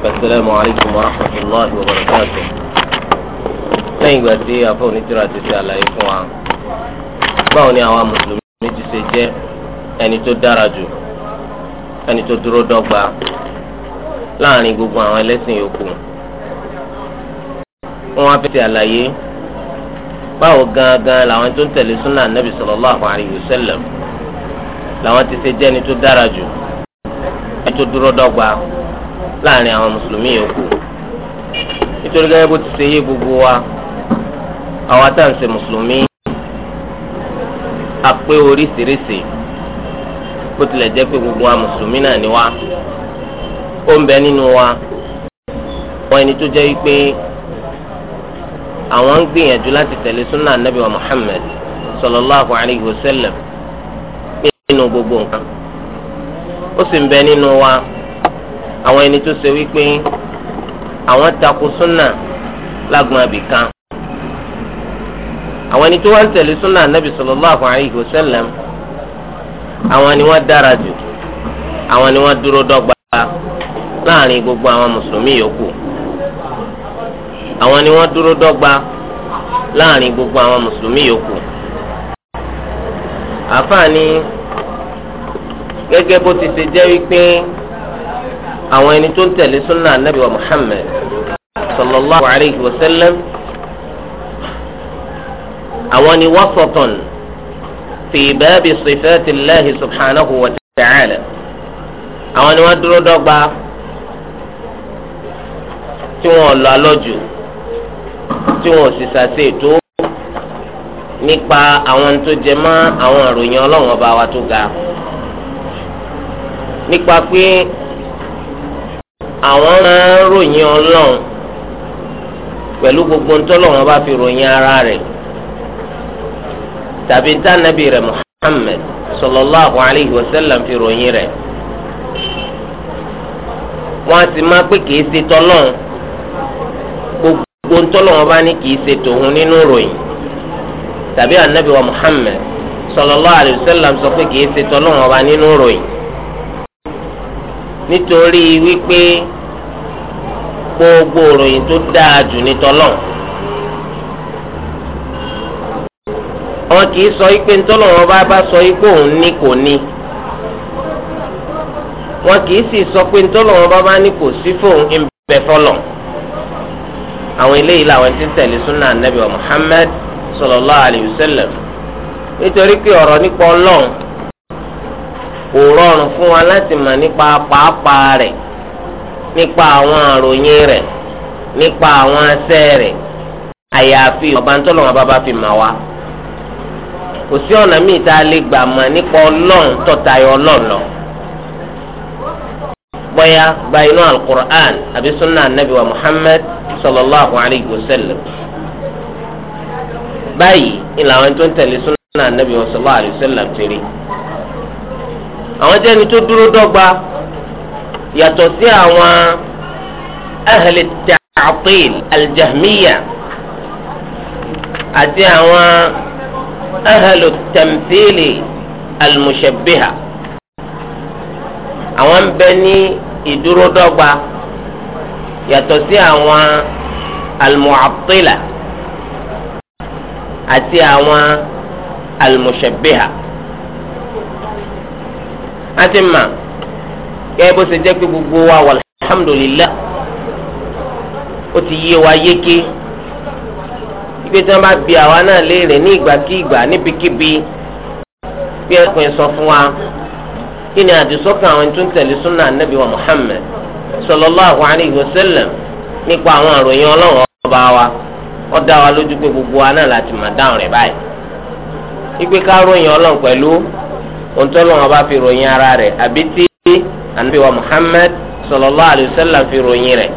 السلام عليكم ورحمة الله وبركاته lẹ́yìn ìgbà tí afọ́nitìrà ti ṣe àlàyé fún wa báwo ni àwa mùsùlùmí ti ṣe jẹ́ ẹni tó dára jù ẹni tó dúró dọ́gba láàrin gbogbo àwọn ẹlẹ́sìn yòókù wọ́n wá fi ṣe àlàyé báwo gangan làwọn tó ń tẹ̀lé súnà nàbì sallallahu alayhi wa sallam làwọn ti ṣe jẹ́ ẹni tó dára jù ẹni tó dúró dọ́gba. láàrin àwọn mùsùlùmí yòókù nítorí gẹ́gẹ́ bó ti ṣe yé gbogbo wa àwọn àtàǹsẹ̀ mùsùlùmí àpé oríṣiríṣi bó tilẹ̀ jẹ́ pé gbogbo wa mùsùlùmí náà ni wa ó ń bẹ nínú wa wọn ẹni tó jẹ́ wípé àwọn ń gbìyànjú láti tẹ̀lé súnà Muhammad sallallahu alayhi wa nínú gbogbo nǹkan ó sì ń bẹ nínú wa. àwọn ẹni tó ṣe wípé àwọn tako súnà lágbọn abìkan àwọn ẹni tó wá ń tẹ̀lé súnà nàbì sallallahu alayhi wa sallam àwọn ni wọ́n dára jù àwọn ni wọ́n dúró dọ́gba láàrin gbogbo àwọn mùsùlùmí yòókù àwọn ni wọ́n dúró dọ́gba láàrin gbogbo àwọn mùsùlùmí yòókù àfààní gẹ́gẹ́ bó ti ṣe jẹ́ wípé àwọn ẹni tó ń tẹ̀lé sunna anabi wa muhammed sallallahu alayhi wa sallam àwọn ni wasatan fi baabi sifaati allahi subhanahu wa ta'ala àwọn ni wọ́n dúró dọ́gba tí wọ́n lọ alọ́jù tí wọ́n sì ṣàṣe ètò nípa àwọn tó jẹ mọ́ àwọn ìròyìn ọlọ́run ọba wa tó ga nípa pé àwọn máa ń ròyìn ọlọ́run pẹ̀lú gbogbo ntọ́lọ́run bá fi ròyìn ara rẹ̀ tàbí tánàbì rẹ̀ Muhammad sallallahu alayhi wa sallam fi ròyìn rẹ̀ wọ́n á sì máa pé kìí ṣe tọ́lọ́run gbogbo ntọ́lọ́run bá ní kìí ṣe tòun nínú ròyìn tàbí anabi wa Muhammad sallallahu alayhi wa sallam sọ pé kìí ṣe tọ́lọ́run bá nínú ròyìn nítorí wípé gbogbo ìròyìn tó dáa jù ní tọ́lọ̀ wọn kì í sọ pé ntọ́lọ̀ wọn bá bá sọ pé òun ní kò ní wọn kì í sì sọ pé ntọ́lọ̀ wọn bá bá ní kò sí fóun ń fọlọ̀ àwọn eléyìí làwọn ti ń tẹ̀lé súnà nàbì wa Muhammad sallallahu alayhi wa sallam nítorí pé ọ̀rọ̀ nípa ọlọ́run kò rọrùn fún wa láti mọ̀ nípa pàápàá rẹ̀. nípa àwọn àròyìn rẹ̀ nípa àwọn asẹ́ rẹ̀ àyàfi ọba ntọ́lọ́wọ́n bá bá fi mà wá kò sí ọ̀nà míì tá a lè gbà mọ̀ nípa ọlọ́run tọ́tayọ ọlọ́run lọ bọ́yá gba inú alukur'an àbí sunna anabi wa muhammad sallallahu alayhi wa sallam báyìí ìlà àwọn tó ń tẹ̀lé sunna anabi wa sallallahu alayhi wa sallam ti rí àwọn jẹ́ni tó dúró dọ́gba. yàtọ̀ sí àwọn ahli ta'til aljahmiya àti àwọn ahli tamthili almushabbiha àwọn ń bẹ ní ìdúródọ́gba yàtọ̀ sí àwọn almu'attila àti àwọn almushabbiha àti mà. kẹ́ bó ṣe jẹ́ pé gbogbo wa alhamdulillah ó ti yé wa yéké ibi tí wọ́n bá bi àwa náà léèrè ní ìgbàkígbà níbikíbi bí sọ fún wa kí ni àdìsọ́kàn àwọn tó ń tẹ̀lé súnà anábì wa Muhammad sallallahu alayhi wa nípa wa ó dá wa lójú pé gbogbo wa náà láti anabi wa muhammed sallallahu alayhi wa sallam fi ròyìn rẹ̀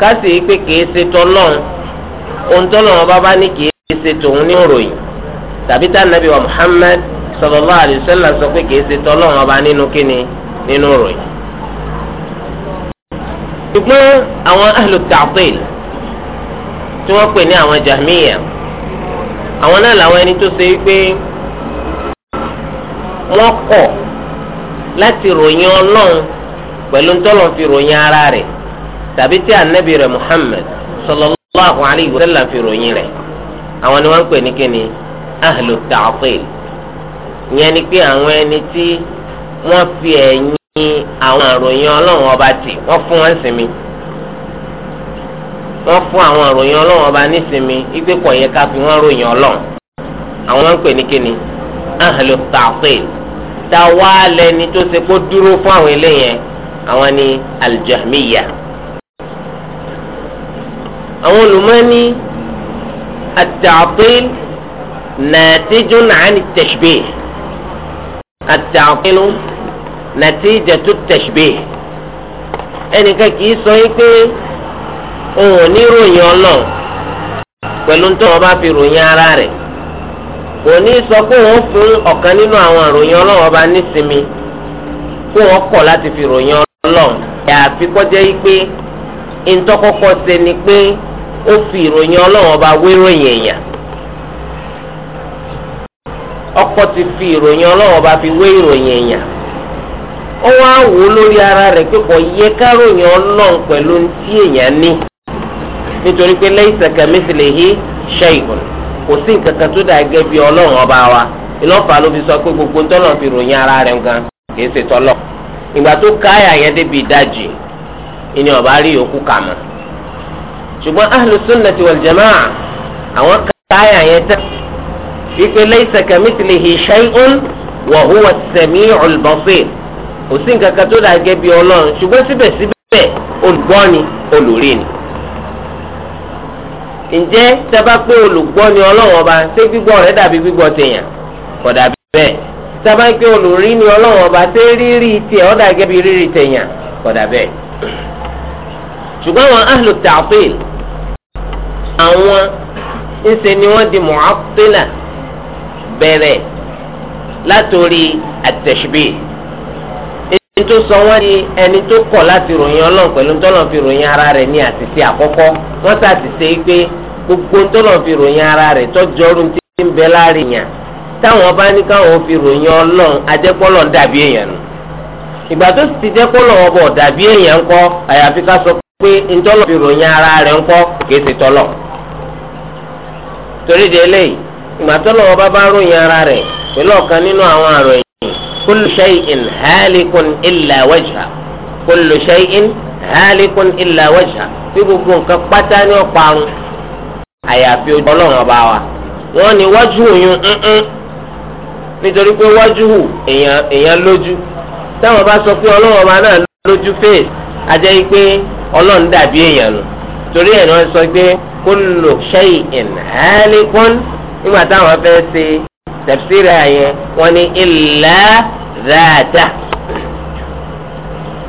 kásì pé kìí ṣe tọ́lọ́n ohun tọ́lọ́n ọba bá ní kìí ṣe tòun ní ròyìn tàbí tá anabi wa muhammed sallallahu alayhi wa sallam sọ pé kìí ṣe tọ́lọ́n ọba nínú kíni nínú ròyìn. ṣùgbọ́n àwọn ahlu ta'til tí wọ́n pè ní àwọn jahmiya àwọn náà làwọn ẹni tó ṣe wípé wọ́n kọ̀ láti ròyìn ọlọ́run pẹ̀lú ntọ́lọ́ fi ròyìn ara rẹ̀ tàbí tí anabi rẹ̀ Muhammad sallallahu alayhi wa fi ròyìn rẹ̀ àwọn ni wọ́n ń pè ní kíni ahlu ìyẹn ni pé àwọn ẹni fi ẹ̀yìn àwọn àròyìn ọlọ́run ọba wọn sinmi wọ́n fún àwọn àròyìn ọlọ́run ọba ká fi wọ́n ròyìn ọlọ́run àwọn ta wá lẹni tó ṣe kó dúró fún àwọn eléyẹn àwọn ni aljahmiya àwọn olùmọ́ni at-ta'til natijun 'an at-tashbih at-ta'til natijatu at-tashbih ẹnìkan kì í sọ pé òun ò ní ròyìn ọlọ́ọ̀ pẹ̀lú tó wọn fi ròyìn ara rẹ̀ kò ní sọ pé òun fún ọ̀kan nínú àwọn ìròyìn ọlọ́run ọba nísinmi kó wọn kọ̀ láti fi ròyìn ọlọ́run yàtí kọjá yìí pé ntọ́kọ́kọ́ ṣe ni pé ó fi ìròyìn ọlọ́run ọba wéròyìn èèyàn ọkọ ti fi ìròyìn ọlọ́run ọba fi wé ìròyìn èèyàn ó wá wò ó lórí ara rẹ̀ pé kò yẹ ká ròyìn ọlọ́run pẹ̀lú tí èèyàn ní nítorí pé laysa kamithlihi shay'un kò sí nǹkan kan tó dà gẹ́gẹ́ bí ọlọ́run ọba wa ìlọ́fà ló fi sọ pé gbogbo ntọ́nà fi ròyìn ara rẹ̀ gan kì í ṣe tọ́lọ̀ ìgbà tó káyà yẹn débi ìdajì ìní ọba rí yòókù kà mọ́ ṣùgbọ́n ahlu sunnati wal jamaa àwọn káyà yẹn tẹ́ wípé laysa kamithlihi shay'un wa huwa as-sami'ul kò sí nǹkan kan tó dà gẹ́gẹ́ bí ọlọ́run ṣùgbọ́n síbẹ̀síbẹ̀ olùgbọ́ni olùrí ni ǹjẹ́ sábà pé olùgbọ́ ni ọlọ́run ọba ṣé gbígbọ́ rẹ̀ dàbí gbígbọ́ tèèyàn kò dàbí bẹ́ẹ̀ sábà pé olùrí ni ọlọ́run ọba ṣé rírí tiẹ̀ ó dà gẹ́gẹ́ bí rírí tèèyàn kò dàbí bẹ́ẹ̀. ṣùgbọ́n àwọn ahlu ta'til àwọn ńṣe ni wọ́n di mu'attila bẹ̀rẹ̀ látòrí at-tashbih ẹni tó sọ wọn di ẹni tó kọ̀ láti ròyìn ọlọ́run pẹ̀lú tọ́lọ́run fi ròyìn ara rẹ̀ ní àtìsí àkọ́kọ́ wọ́n sàtìsí pé gbogbo tọ́lọ̀ fi ròyìn ara rẹ̀ tọ́jọ́ ọdún tí ń bẹ láàrin yàn táwọn bá ní káwọn fi ròyìn ọlọ́run ajẹ́pọ́lọ́ dàbí èèyàn nù ìgbà tó ti jẹ́pọ́lọ́ ọbọ̀ dàbí èèyàn ńkọ́ àyàfi ká sọ pé ntọ́lọ̀ fi ròyìn ara rẹ̀ ńkọ́ kìí ṣe tọ́lọ̀ torí di eléyìí ìgbà tọ́lọ̀ ọba bá ròyìn ara rẹ̀ pẹ̀lú ọ̀kan nínú àwọn àròyìn kullu shay'in halikun illa wajha kullu shay'in halikun illa wajha bí gbogbo nǹkan pátá ní ọ̀parun àyàfi ojú ọlọ́run ọba wa wọ́n ní wájú òyìn ńǹ nítorí pé wájú hù èèyàn lójú táwọn bá sọ pé ọlọ́run ọba náà lójú fèè ajẹ́ pé ọlọ́run dàbí èèyàn nù torí ẹ̀ náà sọ pé kullu shay'in halikun nígbà táwọn fẹ́ ṣe tafsira yẹn wọ́n ní illa dhata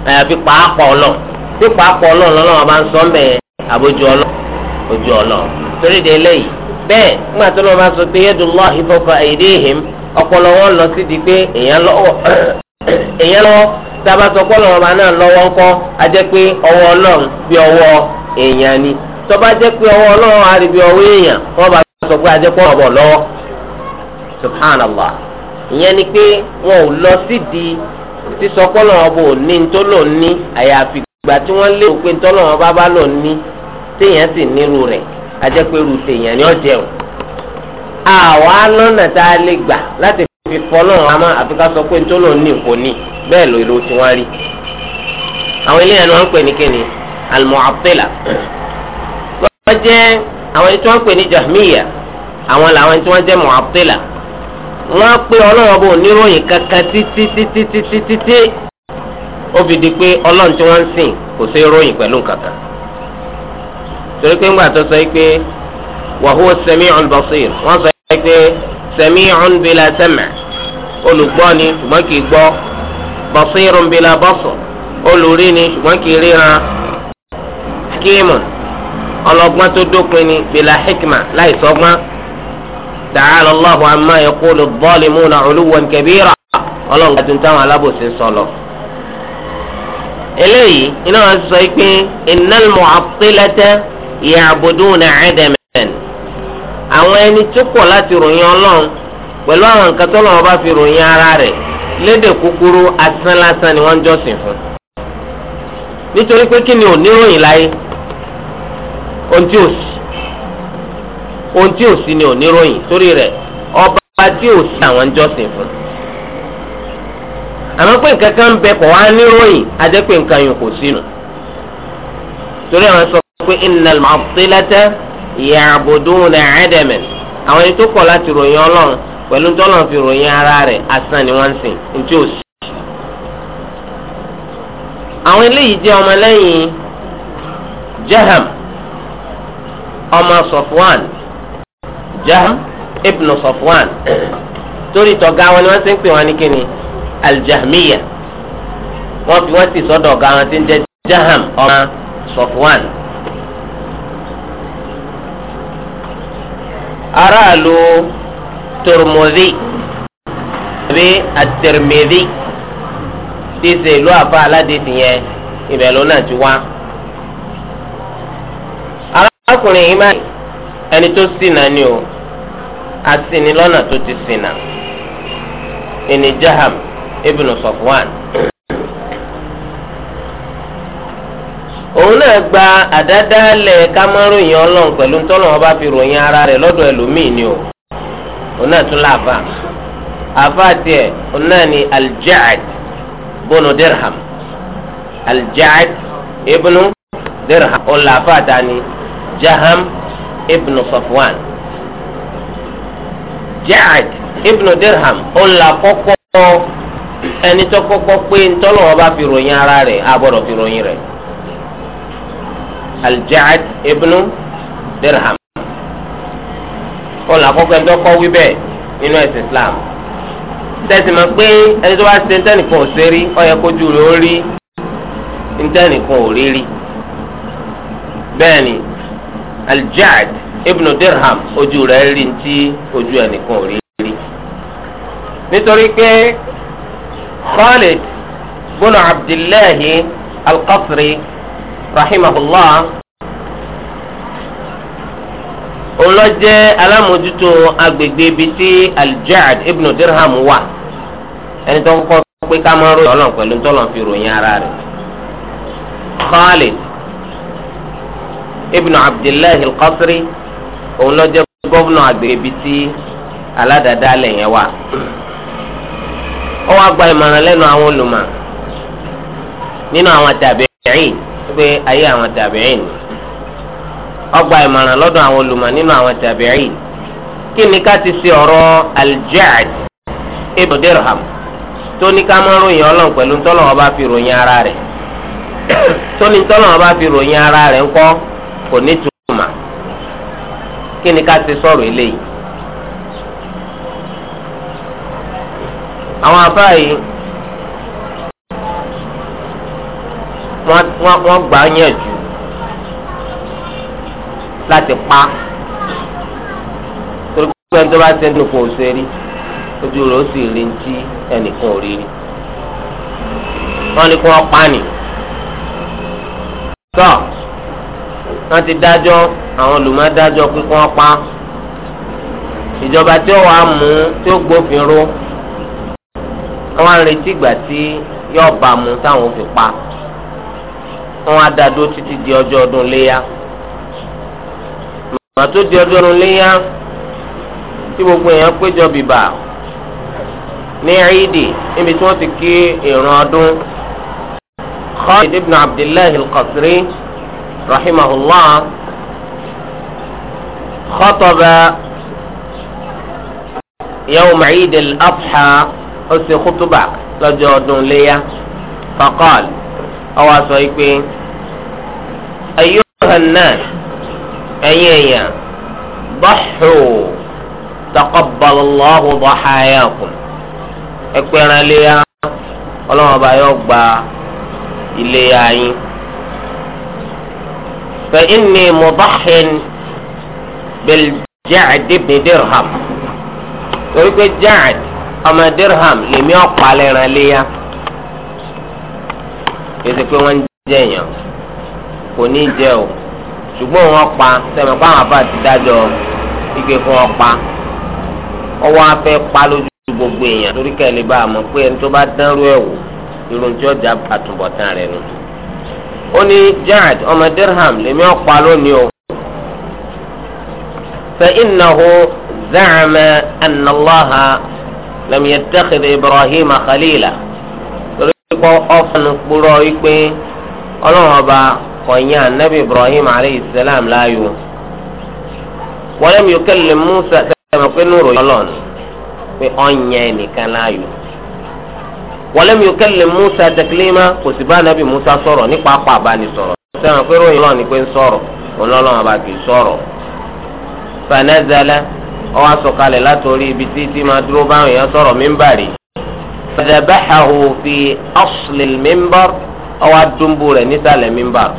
àyàfi pàápọ̀ ọlọ́run tí pàápọ̀ ọlọ́run lọ́wọ́ bá ń sọ mẹ́ẹ̀ àbójú ọlọ́run. ojú ọlọ torí de eléyìí bẹ́ẹ̀ nígbà tó lọ́ọ́ máa sọ pé yadullahi fawqa aydihim ọpọlọ wọn lọ sí di pé èèyàn lọ́wọ́ èèyàn lọ́wọ́ sábà sọ pé ọlọ́wọ́ máa náà lọ́wọ́ ńkọ́ a jẹ́ pé bí èèyàn ni tó bá pé ọwọ́ ọlọ́run á bí èèyàn bá sọ pé a jẹ́ pé ọ̀bọ̀ lọ́wọ́ subhanallah ìyẹn ni wọn ò lọ sí di sísọ téèyàn sì nírú rẹ̀ ajẹ́pẹ́rù téèyàn ni ó o. àwa lọ́nà tá a lè gbà láti fi fọ́nà àmọ́ àfi ká sọ pé ní tó lòun ní nǹkan ní bẹ́ẹ̀ ló èrò tí wọ́n rí. àwọn eléyàn ni wọ́n ń pè ní wọ́n jẹ́ àwọn pè ní jahmiya àwọn làwọn jẹ́ wọ́n pe pé ọlọ́run tí wọ́n ń sìn torí pé ńgbà tó sọ yìí pé wa huwa sami'ul basir wọ́n sọ yìí pé sami'un bila sam' olùgbọ́ ni ṣùgbọ́n kì í gbọ́ basirun bila basar olùrí ni ṣùgbọ́n kì í ríran hakimun ọlọ́gbọ́n tó dópin ni bila hikma láì sọ́gbọ́n ta'ala Allahu amma yaqulu adh-dhalimuna 'uluwan kabira ọlọ́run gbàtún táwọn alábòsí sọ eléyìí iná wọn sọ pé innal mu'attilata ya'buduna 'adaman àwọn ẹni tó kọ̀ láti ròyìn ọlọ́run pẹ̀lú àwọn nǹkan tó lọ́wọ́ bá fi ròyìn ara rẹ̀ lédè kúkúrú asán lásán ni wọ́n ń jọ́sìn fún nítorí pé kí ni onirohin láyé ohun tí ò ni onirohin níròyìn ọba tí ò sí àwọn ń jọ́sìn fún àmọ́ pé nǹkan kan ń bẹ kọ̀ pé innal mu'attilata ya'buduna 'adaman àwọn ẹni tó kọ̀ láti ròyìn ọlọ́run pẹ̀lú tọ́lọ̀ fi ròyìn ara rẹ̀ asán ni wọ́n ń sìn ntí ò sí. àwọn eléyìí jẹ́ ọmọlẹ́yìn jaham ọmọ sọfwan jaham ibn sọfwan torí tọ̀gá wọn ni wọ́n ti ń pè wọ́n ní kíni aljahmiya wọ́n fi wọ́n sì sọ́dọ̀ ọ̀gá wọn ti ń jẹ́ jaham ọmọ sọfwan. aráàlú tormodhi àbí atẹrmẹdhi tí ṣe ìlú àfa aládìsí yẹn ibẹ̀ ló náà ti wá. arákùnrin yìí máa ẹni tó ṣìnà ni o asìnì lọ́nà tó ti ṣìnà ẹni Jaham ibn Safwan òun náà gba àdádálẹ̀ kámáròyìn ọlọ́run pẹ̀lú tọ́lọ̀ wọn bá fi ròyìn ara rẹ̀ lọ́dọ̀ ẹlòmíì ni o òun náà tún láàfà àfà tiẹ̀ òun náà ni aljaad bónú dirham aljaad ibnu dirham òun láàfà ta ni jaham ibnu safwan jaad ibnu dirham òun làkọ́kọ́ ẹni tó kọ́kọ́ pé ntọ́lọ̀ wọn bá fi ròyìn ara rẹ̀ àbọ̀dọ̀ fi ròyìn rẹ̀ aljaad ibnu dirham ọ̀nà àkọ́kọ́ ẹni tó kọ́ wí bẹ́ẹ̀ nínú ẹ̀sìn islam tẹ̀sí ma pé ẹni tó bá ṣe ntẹ́nìkan ò ṣe rí ó yẹ kójú rẹ̀ ó rí ntẹ́nìkan ò rí rí bẹ́ẹ̀ ni ibnu dirham ojú rẹ̀ rí ntí ojú ẹnìkan ò rí rí nítorí pé khalid bùnú abdullahi alqasri. rahimahullah olọjẹ alámòjútó agbègbè ibi tí ibnu dirham wà ẹni tó kọ́kọ́ pé ká máa ròyìn Ọlọ́run pẹ̀lú tọlọ fi ròyìn ara rẹ̀ khalid ibnu abdullahi alqasri òun lọ jẹ́ gómìnà tí aládàáda alẹ̀ wà. ó wá gba ìmọ̀ràn lẹ́nu àwọn olùmọ̀ nínú àwọn pé ayé àwọn tàbíìn ọgbà ìmọ̀ràn lọ́dọ̀ àwọn olùmọ̀ nínú àwọn tàbíìn kí ni ká ti ṣe ọ̀rọ̀ aljaad ibn dirham tó ní ká máa ròyìn ọlọ́run pẹ̀lú bá fi ròyìn ara rẹ̀ tó ní ntọ́lọ́ bá fi ròyìn ara rẹ̀ ńkọ́ kò ní túmọ̀ kí wọ́n gbà á yànjú láti pa torí pé ẹni tó bá ṣe nìkan ò ṣe rí ojú rẹ̀ ó sì rí ti ẹnìkan ò rí rí wọ́n ní kí wọ́n pa ni tọ́ wọ́n ti dájọ́ àwọn olùmọ̀dájọ́ pé kí wọ́n pa ìjọba tí ó wàá mú tí ó gbófin ró wọ́n á retí ìgbà tí yóò bá mu táwọn fi pa wọn á dá dúró títí di ọjọ́ ọdún léyà màá tó di ọjọ́ ọdún léyà tí gbogbo èèyàn péjọ bìbà ní ẹ̀ẹ́dì níbi tí wọ́n ti kí ìran ọdún Khalid ibn Abdullahi al-Qasri rahimahullah khotaba yawm Eid al-Adha ó lọ́jọ́ ọdún léyà faqal ọwọ́ sọ pé ayyuhan nas ẹ̀yin èèyàn bọ́ṣù taqabbalallahu dhahayakum ẹ̀pẹ̀rẹ̀ léyà ọlọ́wọ́n bá yọ gba iléyà yín fa inni mudahhin bil Ja'd ibn Dirham torí pé Ja'd ọmọ lèmi ọ̀pá lẹ́ran kéde pé wọ́n ń jẹ́ èèyàn kò ní í jẹ o ṣùgbọ́n wọ́n pa sẹ́mi pé àwọn àbá ti dájọ́ ike fún wọn pa ọwọ́ afẹ́ pa lójú gbogbo èèyàn torí kẹ́lẹ́ bá a mọ̀ pé ẹni tó bá dánrú ẹ̀ wò irun tí ọjà àtúbọ̀tán rẹ̀ nù. ó ní Ja'd ọmọ Dirham lèmi ọ̀pá lónìí o. fa innahu za'ama anna Allaha lam yattakhidh Ibrahima kọ́ ọ̀fọ̀nù kúrọ̀ wípé ọlọ́run ọba kọ̀yìn anabi ibrahim aleyhi salam láàyò wọ́n lẹ́mi yóò kẹ́lẹ́ musa tẹ̀lé pé nùrù yọlọ́n pé ọ̀nyẹ́ nìkan láàyò wọ́n lẹ́mi yóò kẹ́lẹ́ musa tẹ̀kílẹ́mà kò sì bá anabi musa sọ̀rọ̀ nípa apá àbánisọ̀rọ̀ sẹ́wọ̀n pé ròyìn lọ́ọ̀ ni pé ń sọ̀rọ̀ ọlọ́run ọba kì í sọ̀rọ̀ fanazala ọwọ́ asọ̀kalẹ̀ látòrí ibi tí tí dúró báwọn èèyàn sọ̀rọ̀ mímbàrí فذبحه في أصل mimbar أو adumbu rẹ nísàlẹ̀ mimbar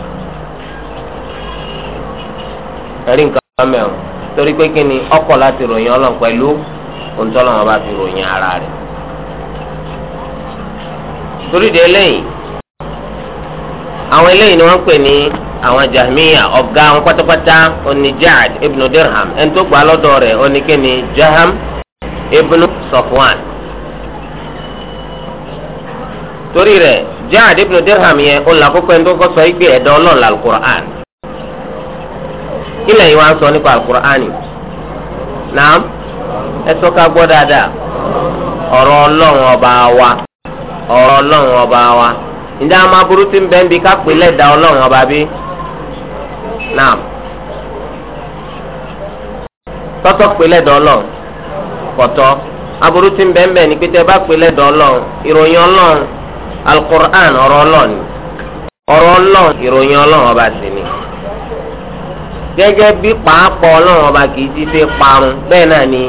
ẹrí nǹkan mẹ́rin torí pé kí ni ọkọ̀ láti ròyìn ọlọ́run pẹ̀lú òǹtọ́lọ́ wọn bá fi ròyìn ara rẹ̀ torí de eléyìí àwọn eléyìí ni wọ́n ń pè ní àwọn jahmiya ọ̀gá wọn pátápátá oní jaad ibnu dirham ẹni tó gbà lọ́dọ̀ rẹ̀ oníkẹ́ni jaham ibnu safwan. torí rẹ̀ Ja'd ibn Dirham yẹn ó là kókó ẹni tó kọ́ sọ igbe ẹ̀dá ọlọ́ọ̀la alukur'an kí lẹ́yìn wá ń sọ nípa alukur'an naam ẹ ká gbọ́ dáadáa ọ̀rọ̀ ọlọ́run wa ọ̀rọ̀ ọlọ́run ọba wa ǹjẹ́ àwọn aburú ti ń bẹ́ẹ̀ bí ká pè ọlọ́run ọba bí naam tọ́tọ́ pè ọlọ́run aburú ti ń bẹ́ẹ̀ bẹ́ẹ̀ ni alukur'an ọ̀rọ̀ ọlọ́ọ̀ni ọ̀rọ̀ ọlọ́ọ̀ ìròyìn ọlọ́ọ̀ ọba sì ni gẹ́gẹ́ bí pàápọ̀ ọlọ́ọ̀ ọba kì í ti ṣe parun bẹ́ẹ̀ náà ni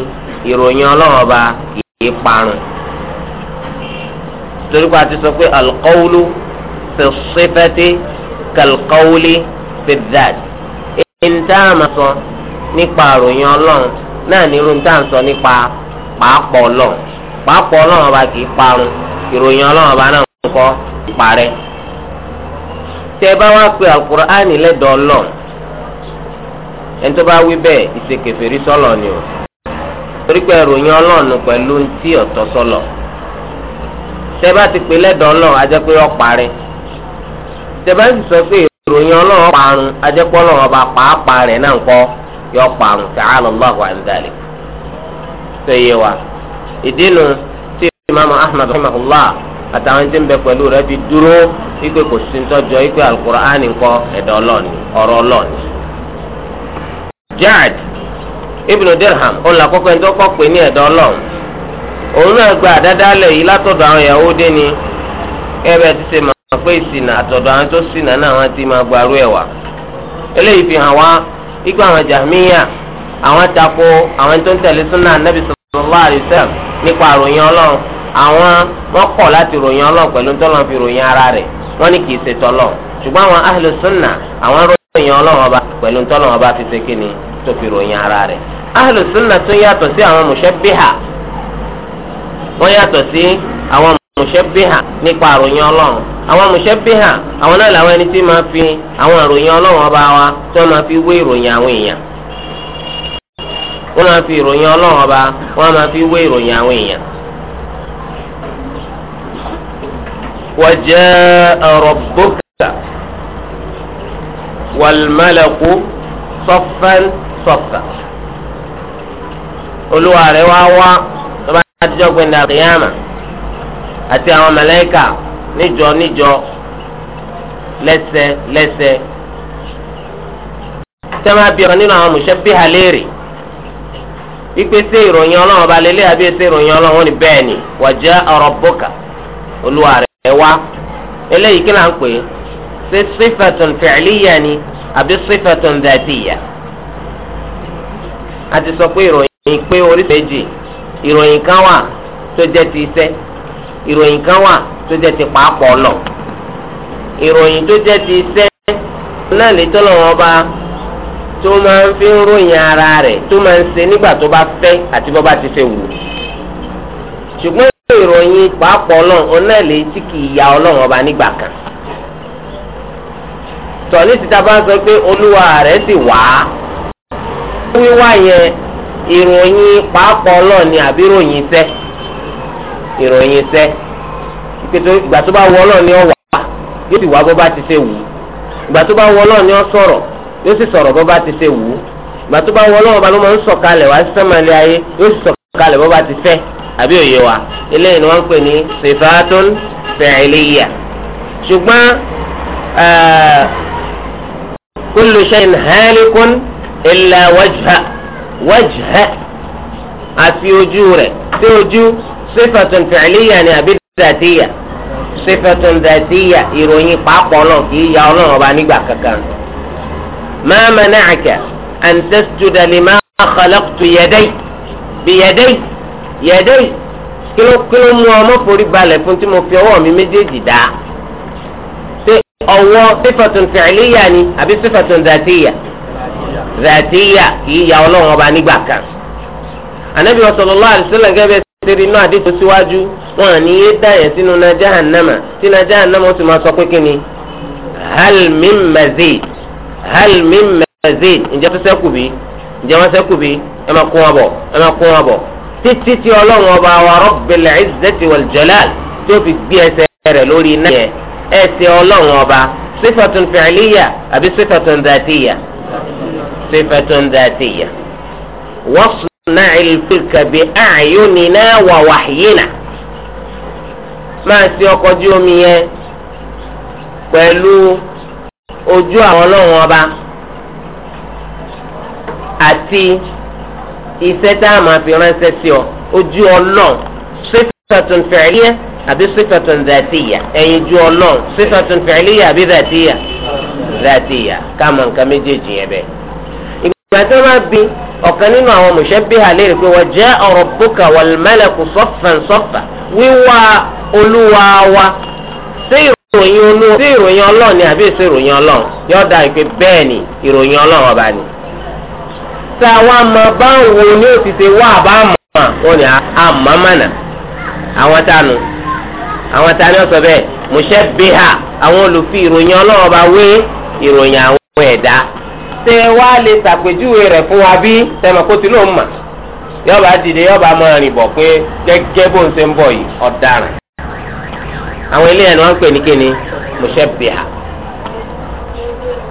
ìròyìn ọlọ́ọ̀ ọba kì í parun torí pa ti sọ pé alukọ́wulu fi sífẹ́tì kàlùkọ́wuli fi dàd ìntà àmà sọ nípa ìròyìn ọlọ́ọ̀ náà ní irú ìntà à sọ nípa pàápọ̀ ọlọ́ọ̀ pàápọ̀ ọlọ́ọ̀ ọba kì í parun ìròyìn ọlọ́ọ̀ ọba náà kọ́ parẹ́ tẹ bá wá pé alukur'ani lẹ́dọ̀ ọlọ́ ẹni tó bá wí bẹ́ẹ̀ sọ́lọ̀ ni o torí pé ìròyìn ọlọ́ọ̀nù pẹ̀lú ti ọ̀tọ̀ sọ́lọ̀ tẹ bá ti pe lẹ́dọ̀ ọlọ́ ajẹ́ pé ó parẹ́ tẹ bá sọ pé ọlọ́ọ̀ parun ajẹ́ pé ọlọ́ọ̀ ọba náà yọ parun wa ìdí nu tí àtàwọn tí ń bẹ pẹ̀lú rẹ fi dúró wípé kò sí ntọ́jọ́ wípé alukur'an nǹkan ẹ̀dá ọlọ́ọ̀ni ọ̀rọ̀ ọlọ́ọ̀ni. Ja'd ibn Dirham òun là ẹni tó kọ́ pé ní ọlọ́ọ̀n òun náà gba yìí látọ̀dọ̀ àwọn ni kẹ́bẹ̀ ti ṣe máa pé ìsìnà àtọ̀dọ̀ àwọn tó ṣìnà náà wọ́n ti máa gbarú ẹ̀ eléyìí fi hàn wá ikú àwọn Jahmiya àwọn tako àwọn tó ń tẹ̀lé súnà àwọn wọn kọ̀ láti ròyìn ọlọ́run pẹ̀lú tọ́lọ́run fi ròyìn ara rẹ̀ wọ́n ní kìí ṣe tọ́lọ̀ ṣùgbọ́n àwọn ahlu sunna àwọn ròyìn ọlọ́run ọba pẹ̀lú tọ́lọ́run ọba fi ṣe kíni tó fi ròyìn ara rẹ̀ ahlu sunna tún yàtọ̀ sí àwọn mushabbiha wọ́n yàtọ̀ sí àwọn mushabbiha nípa ròyìn ọlọ́run àwọn mushabbiha àwọn náà làwọn ẹni tí máa fi àwọn ròyìn ọlọ́run وجاء ربك والملك صفا صفا olúwa rẹ̀ wá wá lọ́ba àtijọ́ gbẹ̀ndà kìyàmà àti àwọn mẹlẹ́kà níjọ níjọ lẹ́sẹ̀ lẹ́sẹ̀ tẹ́lá bí ọ̀kan nínú àwọn mùsẹ́ bí haléèrè wípé ṣé ìròyìn ọlọ́run ọba lélẹ́ àbí ṣé ìròyìn ọlọ́run ní bẹ́ẹ̀ ni wàjẹ́ ọ̀rọ̀ bọ́kà olúwa rẹ̀ ẹ̀wá eléyìí kí là ń pè ṣe sífẹ̀tùn fìlíyà ni àbí sífẹ̀tùn dàtìyà. a ti sọ pé ìròyìn pé oríṣi méjì ìròyìn kan wà tó jẹ́ ti iṣẹ́ ìròyìn kan wà tó jẹ́ ti pàápọ̀ lọ. ìròyìn tó jẹ́ ti iṣẹ́ náà lè tọ́lọ̀ wọn bá tó máa ń fi ń ròyìn ara rẹ̀ tó máa ń ṣe nígbà tó bá fẹ́ àti bó bá ti fẹ́ wù. ṣùgbọ́n ṣé ìròyìn pàápọ̀ ọlọ́run ọ̀nà ìlẹ̀ tí kì í ya ọlọ́run ọba nígbà kan tọ̀ní títa bá ń sọ pé olúwa rẹ̀ sì wá wíwá yẹn ìròyìn pàápọ̀ ọlọ́run ni àbí ìròyìn iṣẹ́ ìròyìn iṣẹ́ ìpètò ìgbà tó bá wọ ọlọ́run ni ó wà yóò sì wá bó bá ti ṣe wù ú ìgbà tó bá wọ ọlọ́run ni ó sọ̀rọ̀ yóò sì sọ̀rọ̀ bó bá ti ṣe wù ú ìgbà tó bá wọ ọlọ́run ọba ló máa ń sọ̀kalẹ̀ wá sí sẹ́mọ̀lẹ́ ayé yóò sì sọ̀kalẹ̀ bó bá ti fẹ́ àbí òye wa eléyìí ni wọ́n ń pè ní sifatun feeliya ṣùgbọ́n dàtíyà ile wajha wajha àti ojú rẹ̀ ti ojú sifatun feeliya ni àbí dàtíyà sifatun dàtíyà ìròyìn pàápọ̀ náà kì í ya ọlọ́run ọba nígbà kankan. máàmá ma mana'aka an máa lima yẹ́dẹ́ bí yẹ́dẹ́. yẹ̀dẹ́ kílókíló mú ọmọ forí balẹ̀ fún tí mo fi ọwọ́ mi méjèèjì dá ṣé ọwọ́ sífàtún fi'liya ni àbí sífàtún zàtìyà kìí ya ọlọ́run ọba nígbà kan anabi sallallahu alaihi wasallam gẹ́gẹ́ sẹ́rí inú àdìsọ síwájú wọn à yé dá sínú tí ó sì máa sọ ni hal mazid hal mazid ǹjẹ́ wọ́n sẹ́kù bí ǹjẹ́ wọ́n sẹ́kù bí ẹ máa wọn bọ̀ ẹ máa wọn bọ̀ títí tí ọlọ́run ọba wa Rabbil Izzati wal Jalal tí ó fi gbé ẹsẹ̀ rẹ̀ lórí iná yẹn ẹsẹ̀ ọlọ́run ọba sifatun fi'liya àbí sifatun dhatiya sifatun dhatiya wasna'il fulka bi a'yunina wa wahyina máa ti ọkọ̀ ojú omi yẹn pẹ̀lú ojú àwọn ọlọ́run ọba àti iṣẹ́ tá a máa fi ránṣẹ́ sí ọ ojú ọlọ́run sífàtún fẹ̀líyà àbí sífàtún dàtíyà ẹ̀yin ojú ọlọ́run sífàtún fẹ̀líyà àbí dàtíyà dàtíyà káàmù nǹkan méjèèjì yẹn bẹ́ẹ̀. ìgbà tó máa bí ọ̀kan nínú àwọn mùṣàbíhà léèrè pé wọ́n jẹ́ ọ̀rọ̀ bùkà wal malaku saffan saffa wíwá tá mọ báwo ni ó ti ṣe wá àbá mọ̀ wọn ni àmọ́ àwọn tá a nù àwọn tá a ní ọ̀sọ̀ bẹ́ẹ̀ mushabbiha àwọn olùfi ìròyìn ọlọ́wọ́ bá wé ìròyìn àwọn ẹ̀dá ṣé wá lè ṣàpèjúwe rẹ̀ fún wa bí sẹ́mi kó ti lóun mọ̀ yọba dìde yọba máa rìn bọ̀ pé gẹ́gẹ́ bó ń ṣe ń bọ̀ yìí ọ̀daràn àwọn ilé ẹ̀ ni ń pè ní kíni mushabbiha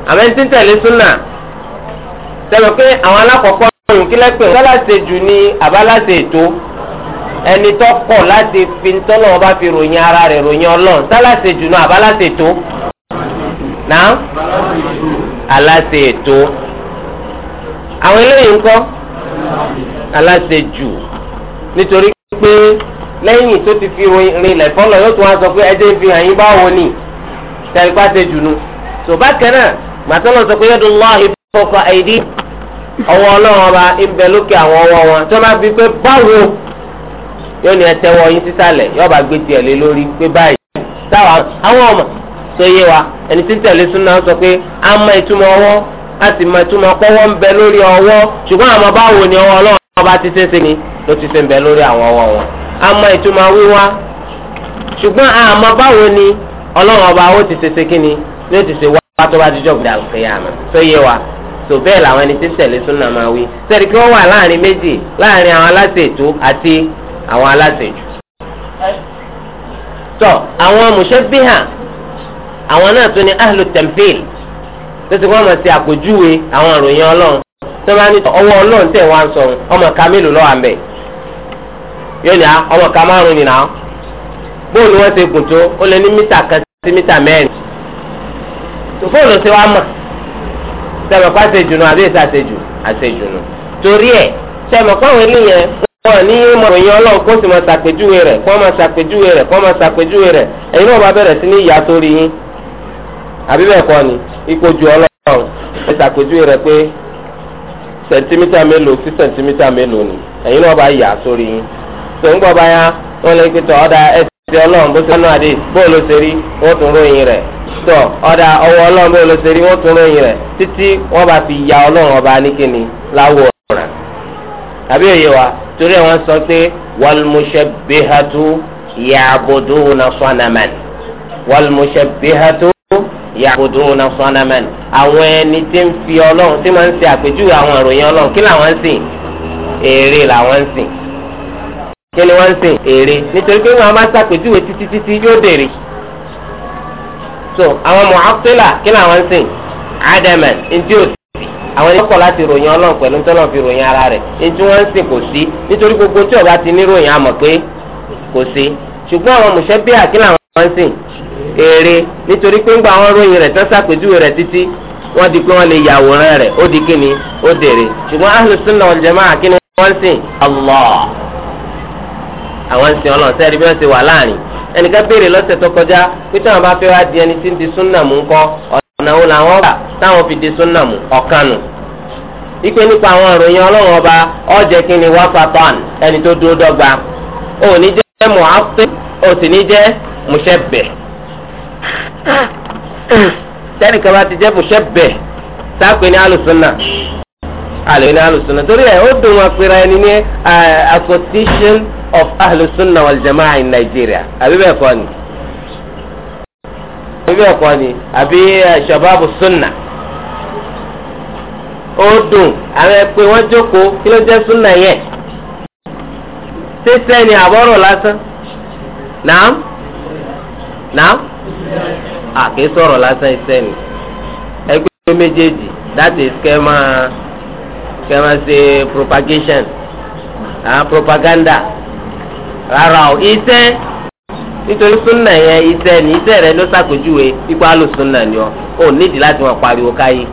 àmọ́ ẹni tí ń tẹ̀lé súnà sẹ́nu pé àwọn alákọ̀ọ́kọ́ ọ̀hún kí lẹ́pẹ̀ ọ̀hún sálàṣe jù ní àbálàṣe ètò ẹni tó kọ̀ láti fi tọ́lọ̀ ọba fi ròyìn ara rẹ̀ ròyìn ọlọ́run sálàṣe jù ní àbálàṣe ètò náà aláṣe ètò àwọn eléyìí ń kọ́ aláṣe jù nítorí pé lẹ́yìn tó ti fi rinlẹ̀ fọ́lọ̀ yóò tún wá sọ pé ẹjẹ́ fi hàn yín báwo ni tẹ̀lé pàṣẹ jù nù. sòbákẹ́ náà gbàtọ́ lọ sọ pé yẹ́dùn lọ́ọ́ ìfọ̀fọ̀ àìdí ọwọ́ ọlọ́run ọba ibẹ̀ lókè àwọn ọwọ́ wọn tó máa fi pé báwo yóò ní ẹtẹ wọ yín sísàlẹ̀ yóò bá gbé tiẹ̀ lé lórí pé báyìí táwa àwọn ọmọ tó yé wa ẹni tí tẹ̀lé súnà sọ pé a mọ ìtumọ̀ ọwọ́ a sì mọ ìtumọ̀ pọ́wọ́ ń bẹ lórí ọwọ́ ṣùgbọ́n àmọ́ báwo ni ọwọ́ ọlọ́run ọba ti ṣe ṣe ni ló ti ṣe ń bẹ lórí àwọn ọwọ́ wọn a mọ ìtumọ̀ wíwá ṣùgbọ́n àmọ́ báwo ni ọlọ́run ọba ó ti ṣe ṣe kí ni ló ti ṣe wá tó bá jíjọ́ gbìdàgbé àná tó yé wa tó bẹ́ẹ̀ làwọn ẹni tí ń tẹ̀lé súnà máa wí sẹ́ni kí wọ́n wà láàrin méjì láàrin àwọn aláṣẹ̀tò àti àwọn aláṣẹ̀jù. tọ́ àwọn mùṣabbihah àwọn náà tún ní ahlu tamthil tó ti wọ́n mọ̀ sí àpèjúwe àwọn ìròyìn ọlọ́run tó bá ní ọwọ́ ọlọ́run tẹ̀ wá ń sọ ọmọ ká mélòó lọ́wọ́ àmbẹ̀ yóò ní ah, ọmọ ká márùn-ún nìyà bóòlù wọn ṣe gùn tó ó lé ní mítà kan sí mítà mẹ́rin tó fóònù wá mọ̀ sẹ́mi kó àṣejù nù àbí èsì àṣejù àṣejù nù torí ẹ̀ sẹ́mi kó àwọn eléyẹn wọn ní mọ òyìn ọlọ́run kó sì mọ ṣàpèjúwe rẹ̀ kó mọ ṣàpèjúwe rẹ̀ kó mọ ṣàpèjúwe rẹ̀ ẹ̀yin náà bá bẹ̀rẹ̀ sí ní ìyá sórí yín àbí bẹ́ẹ̀ kọ́ ni ipò ju ọlọ́run ẹ ṣàpèjúwe rẹ̀ pé sẹ̀ntímítà mélòó sí sẹ̀ntímítà mélòó ni ẹ̀yin náà bá yà sórí yín tó ń gbọ́ báyà wọ́n lè pe tọ́ ọ́dà ẹ̀ ṣe ọlọ́run bó ṣe náà dé bóun ló ṣe rí wọ́n tún ròyìn rẹ̀ tọ̀ ọ̀dà ọwọ́ ọlọ́run bóun ló ṣe rí wọ́n tún ròyìn rẹ̀ títí wọ́n bá fi ya ọlọ́run ọba níkíni láwọ̀ ọ̀ràn. àbí òye wa torí àwọn sọ pé wàlmùsẹ̀bíhàtú yàbùdúnà sọ́nàmẹ́n wàlmùsẹ̀bíhàtú yàbùdúnà sọ́nàmẹ́n àwọn ẹni tí ń fi ọlọ́run tí máa ń ṣe àpèjúwe àwọn ìròyìn ọlọ́run kí làwọn ń sìn ère làwọn ń sìn kí ni wọ́n ń sìn èrè nítorí pé wọ́n á máa ṣàpèjúwe títí títí yóò dèrè so àwọn mu'attila kí ni àwọn ń sìn adaman ntí ò sí àwọn ẹni kọ́ láti ròyìn ọlọ́run pẹ̀lú ntọ́ náà fi ròyìn ara rẹ̀ ntí wọ́n ń sìn kò sí nítorí gbogbo tí ọba ti ní ròyìn àmọ̀ pé kò sí ṣùgbọ́n àwọn mushabbiha kí ni àwọn ń sìn èrè nítorí pé ńgbà àwọn ròyìn rẹ̀ tán ṣàpèjúwe rẹ̀ títí wọ́n di pé wọ́n lè yàwòrán rẹ̀ ó di kíni ó dèrè ṣùgbọ́n ahlus sunnah wal jamaa'ah kí ni wọ́n ń sìn Allah àwọn ń sin ọlọ́run sẹ́ẹ̀rí bí wọ́n ti wà láàrin ẹnìkan béèrè lọ́sẹ̀ tó kọjá pé táwọn bá fẹ́ wá di ẹni tí ń di súnà mú ńkọ́ ọ̀nà wo làwọn gbà táwọn fi di súnà mú ọ̀kanu ipe nípa àwọn ìròyìn ọlọ́run ọba ọ̀jẹ̀ kí ni wọ́n fapán ẹni tó dúró dọ́gba ò ní jẹ́ mu'attil ò sì ní jẹ́ mushabbih tẹ́nìkan bá ti jẹ́ mushabbih sáàpé ní alùsùnà alùsùnà torí ẹ̀ ó dùn wọn pera ẹni ní eh, of ahlus sunna wal jama'a in Nigeria àbí bẹ́ẹ̀ kọ́ ni àbí bẹ́ẹ̀ kọ́ ni àbí eh, shababu sunna ó dùn àwọn ẹ pé wọ́n jókòó kí ló jẹ́ sunna yẹn sísẹ́ ni àbọ̀rọ̀ lásán nàám nàám àké sọ̀rọ̀ lásán iṣẹ́ ni ẹgbẹ́ méjèèjì that is kẹ́mà kẹ́mà ṣe propagation ah propaganda. rárá o iṣẹ́ nítorí súnà yẹn iṣẹ́ ní iṣẹ́ rẹ ló ṣàpèjúwe ipò alùsùnà ni ọ ò nídìí láti wọn pariwo káyé.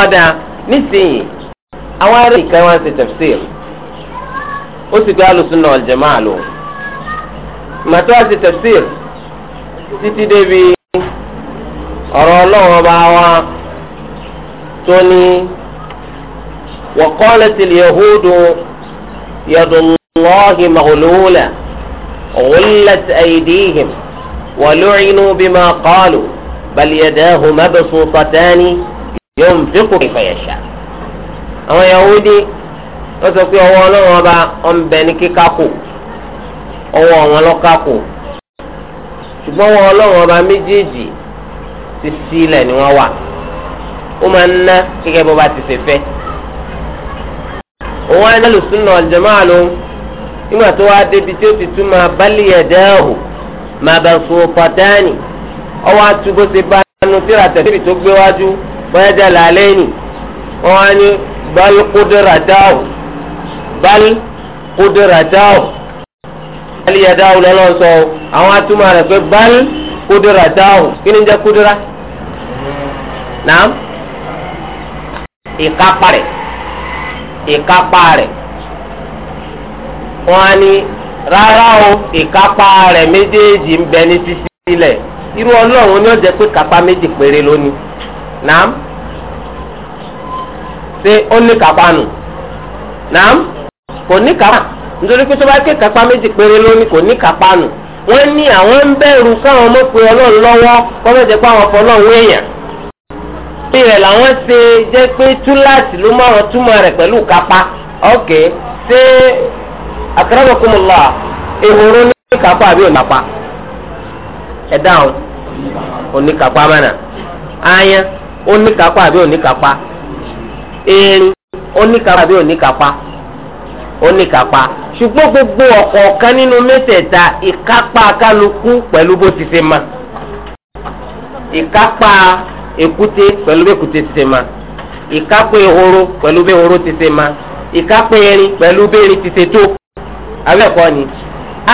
ọ̀dà nísìnyí àwọn ará ìka wọn ṣe tafsir ó sì pé alùsùnà wal lò màtí wọn ṣe tafsir títí débi ọ̀rọ̀ ọlọ́wọ́ bá wa tó ní wa qalatil yahudu yadu الله مغلولة غلت أيديهم ولعنوا بما قالوا بل يداه مبسوطتان ينفق كيف يشاء أما يهودي وسوف يقولون وبا أم بنك كاكو أو أم كاكو ṣùgbọ́n wọn ọlọ́run ọba méjèèjì ti ومن ilẹ̀ ni wọ́n wà ó máa ń ná nígbà tó wá débi tí ó ti tún máa bali yadahu mabsutatani ọwọ́ àtúbó ṣe bá nínú tíra tẹ̀síbì tó gbé wájú bóyá jẹ́ làálẹ́ yìí wọ́n á ní bal qudratahu bal qudratahu bali yadahu lọ́lọ́ sọ àwọn àtúmọ̀ rẹ̀ pé bal qudratahu kí ni jẹ́ kúdúrà náà ìkápá rẹ̀ ìkápá rẹ̀ wọn á ní rárá o ìkápá rẹ̀ méjèèjì ń bẹ ní sísí sílẹ̀ irú ọlọ́run ni ó jẹ́ pé kápá méjì péré lónìí nàám ṣé ó ní kápá nù nàám kò ní kápá nítorí pé tó bá ké kápá méjì péré lónìí kò ní kápá nù wọ́n ní àwọn ń bẹ̀rù káwọn ọmọ pé ọlọ́run lọ́wọ́ kọ́ fẹ́ jẹ́ pé àwọn ọ̀fọ́ náà wọ́n èèyàn pé rẹ̀ làwọn ṣe jẹ́ pé túláàsì ló máa túmọ̀ rẹ̀ pẹ̀lú kápá ọ̀kẹ́ ṣé akramakumullah ehoro ní kápá àbí oníkápá ẹ dáhùn oníkápá mẹ́nà ayan oníkápá àbí oníkápá erin oníkápá àbí oníkápá oníkápá ṣùgbọ́n gbogbo ọ̀kọ̀ọ̀kan nínú mẹ́tẹ̀ẹ̀ta ìkápá kálukú pẹ̀lú bó ti ṣe ma ìkápá èkúté pẹ̀lú bí èkúté ti ṣe ma ìkápá ehoro pẹ̀lú bí ehoro ti ṣe ma ìkápá erin pẹ̀lú bí erin ti ṣe tó. abẹ́ẹ̀kọ́ ni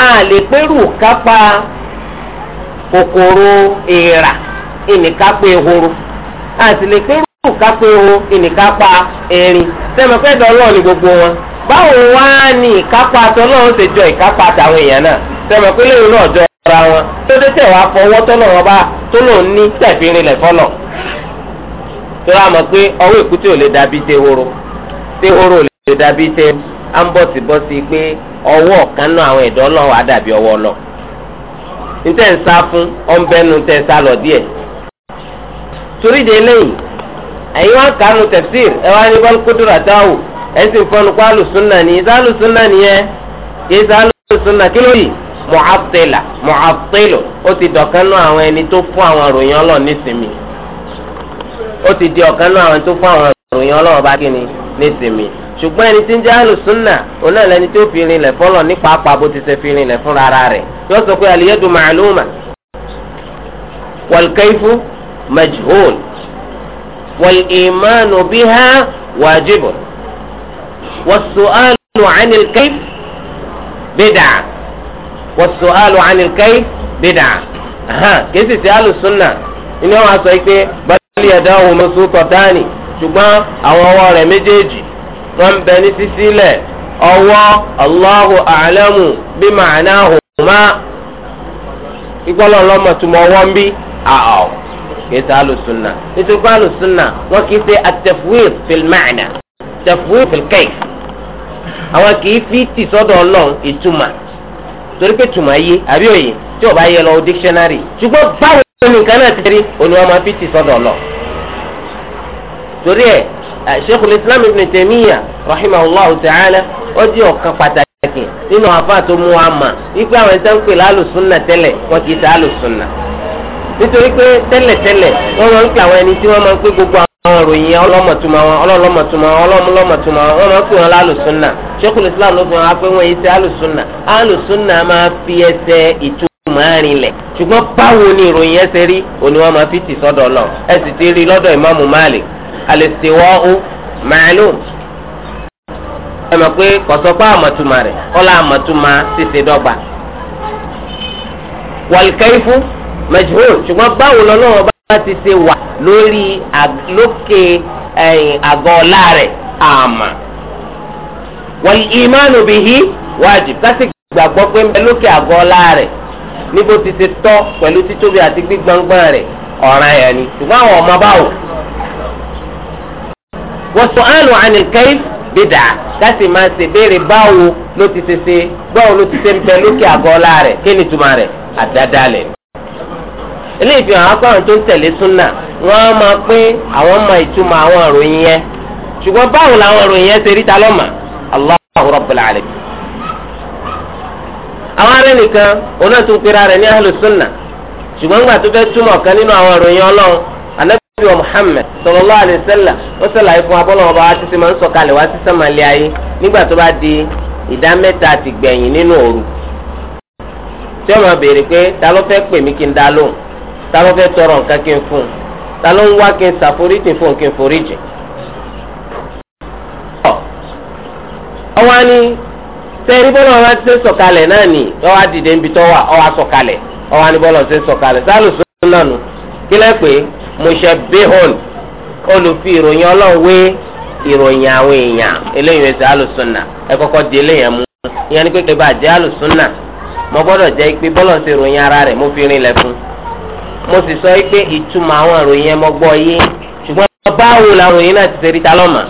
a lè pẹ́rù kápá kòkòrò èèrà ìnìkápẹ́ ehoro a sì lè pẹ́rù kápá ehoro ìnìkápá erin sẹ́mi pẹ́ dọ́lọ́ ni gbogbo wọn báwo wá ní ìkápá tọ́lọ́run ṣe jọ ìkápá tàwọn èèyàn náà sẹ́mi pé lẹ́yìn náà jọ ara wọn tó dé tẹ̀ wá fọwọ́ tọ́lọ́run bá tó lòun ní tẹ̀fínrin lẹ̀ fọ́lọ̀ tó rà mọ̀ pé ọwọ́ èkúté ò lè dàbí tehoro tehoro ò lè dàbí tehoro. à ń bọ̀ sí bọ́ sí pé ọwọ́ kan àwọn ẹ̀dọ́ ọlọ́run á ọwọ́ lọ. ntẹ̀ ń sá fún ọ̀nbẹ́nu tẹ̀ sá lọ díẹ̀. torí de eléyìí ẹ̀yin wá kánú tafsir ẹ wá ní bọ́lú kótóra dáwò ẹ̀ sì fọ́nù kó alùsùnà ni ìsá alùsùnà ni ẹ kì í sá alùsùnà kí ló yìí mu'attila mu'attilu ó ti dọ̀kan àwọn ẹni tó fún àwọn ròyìn nísìmí ó ti di àwọn ẹni tó fún àwọn ròyìn ṣùgbọ́n ẹni tí ń jẹ́ alùsùnà òun náà lẹni tó fi rin lẹ̀ fọlọ̀ nípa àpapọ̀ ti ṣe fi rin lẹ̀ fúnra ara rẹ̀ yóò sọ pé àlìyédu màálùmá wàlkẹ́fù majhul wàlìmánu bíhá wàjibù wàsùálù ànilkẹ́f bídà wàsùálù ànilkẹ́f bídà kìsì sí alùsùnà inú wọn sọ pé bàtà lè dáhùn mọ́sùn tọ̀tánì ṣùgbọ́n àwọn ọwọ́ rẹ̀ méjèèjì wọ́n bẹ ní sísí lẹ̀ ọwọ́ Allahu a'lamu bí màánà hùmá ìgbọ́lọ́ ọlọ́mọ̀túmọ̀ ọwọ́ ń bí àọ̀ kìí alùsùnà nítorí pé alùsùnà wọn kìí ṣe àtẹ̀fúwìr fìlmáàna tẹ̀fúwìr fìlkẹ́ì àwọn kìí fi tì sọ́dọ̀ ọlọ́run ìtumà torí pé tùmà yé àbí òye tí o bá yẹ lọ dictionary ṣùgbọ́n báwo ni nǹkan náà ti rí òní fi tì sọ́dọ̀ ọlọ́run torí ẹ̀ Sheikhul Islam Ibn Taymiyyah rahimahullahu ta'ala ó jẹ́ ọ̀kan pàtàkì nínú àfa tó mú wa mà wípé àwọn ẹ̀sán ń pè lálùsùnà tẹ́lẹ̀ wọ́n kì í ṣe àlùsùnà nítorí pé tẹ́lẹ̀tẹ́lẹ̀ wọ́n máa ń pè àwọn ẹni tí wọ́n máa ń pè gbogbo àwọn wọn ọlọ́mọ̀tuma wọn wọn máa ń pè wọn lálùsùnà Islam ló fi wọn pé fi ìtú ṣùgbọ́n báwo ni ìròyìn ẹsẹ̀ rí òní máa fi tì sọ́dọ̀ ẹ sì ti alistiwa'u ma'lum ẹ mọ̀ pé kọ̀sọ́pá àmọ̀tuma rẹ̀ ọlá àmọ̀tuma ṣíṣe dọ́gba. wàlùkẹ́ifù mẹjúhùn ṣùgbọ́n báwo lọ́lọ́wọ́ bá ti ṣe wà lórí lókè àgọ́ ọlá rẹ̀ àmà. wàlìmánu bihi wájib kásì gbàgbọ́ pé mbẹ lókè àgọ́ ọlá rẹ̀ níbo ti ṣe tọ́ pẹ̀lú títóbi àti gbígbọ́ngbọ́n rẹ̀ ọ̀ràn yẹn ni ṣùgbọ́n àwọn ọmọ báwo wasu'alu anil kayf bid'a láti máa ṣe béèrè báwo ló ti ṣe ṣe báwo ló ti ṣe ń bẹ lókè àgọ́ ọlá rẹ̀ kí ni tuma rẹ̀ àdádálẹ̀. eléyìí fi hàn akọ́rin tó ń tẹ̀lé súnà wọ́n máa pín àwọn ọmọ ìtumọ̀ àwọn ìròyìn yẹn ṣùgbọ́n báwo làwọn ìròyìn yẹn ṣe rí ta lọ́mà Allahu Rabbul Alamin. àwọn arẹ nìkan onátùnkìrà rẹ̀ ní ahlus sunna ṣùgbọ́n ńgbà tó fẹ́ bí wa Muhammad sallallahu alaihi sela ó sọlá fún abọ́lọ́wọ́ bá ma títí máa ń sọ̀kalẹ̀ wá sí sàmàlẹ́ ayé nígbà bá di ìdá mẹ́ta ti gbẹ̀yìn nínú òru tí ọmọ béèrè pé ta ló fẹ́ pè mí kí ta ló fẹ́ tọrọ nǹkan kí n fún un ta ló ń wá kí n ṣàforíjì fún kí n foríjì. ọwọ́ ni ti ṣe sọ̀kalẹ̀ náà ni mushabbihun olùfi ìròyìn ọlọ́run ìròyìn àwọn èèyàn eléyìí ẹsẹ̀ alùsùnà ẹ kọ́kọ́ di eléyìí mú ìyẹn ni pé alùsùnà mo gbọ́dọ̀ jẹ́ pé bọ́lọ̀ ṣe ara rẹ̀ mo fi rin ilẹ̀ fún mo sì sọ pé ìtumọ̀ àwọn ìròyìn gbọ́ yé ṣùgbọ́n báwo làwọn èèyàn náà ti ṣe rí ta lọ́mọ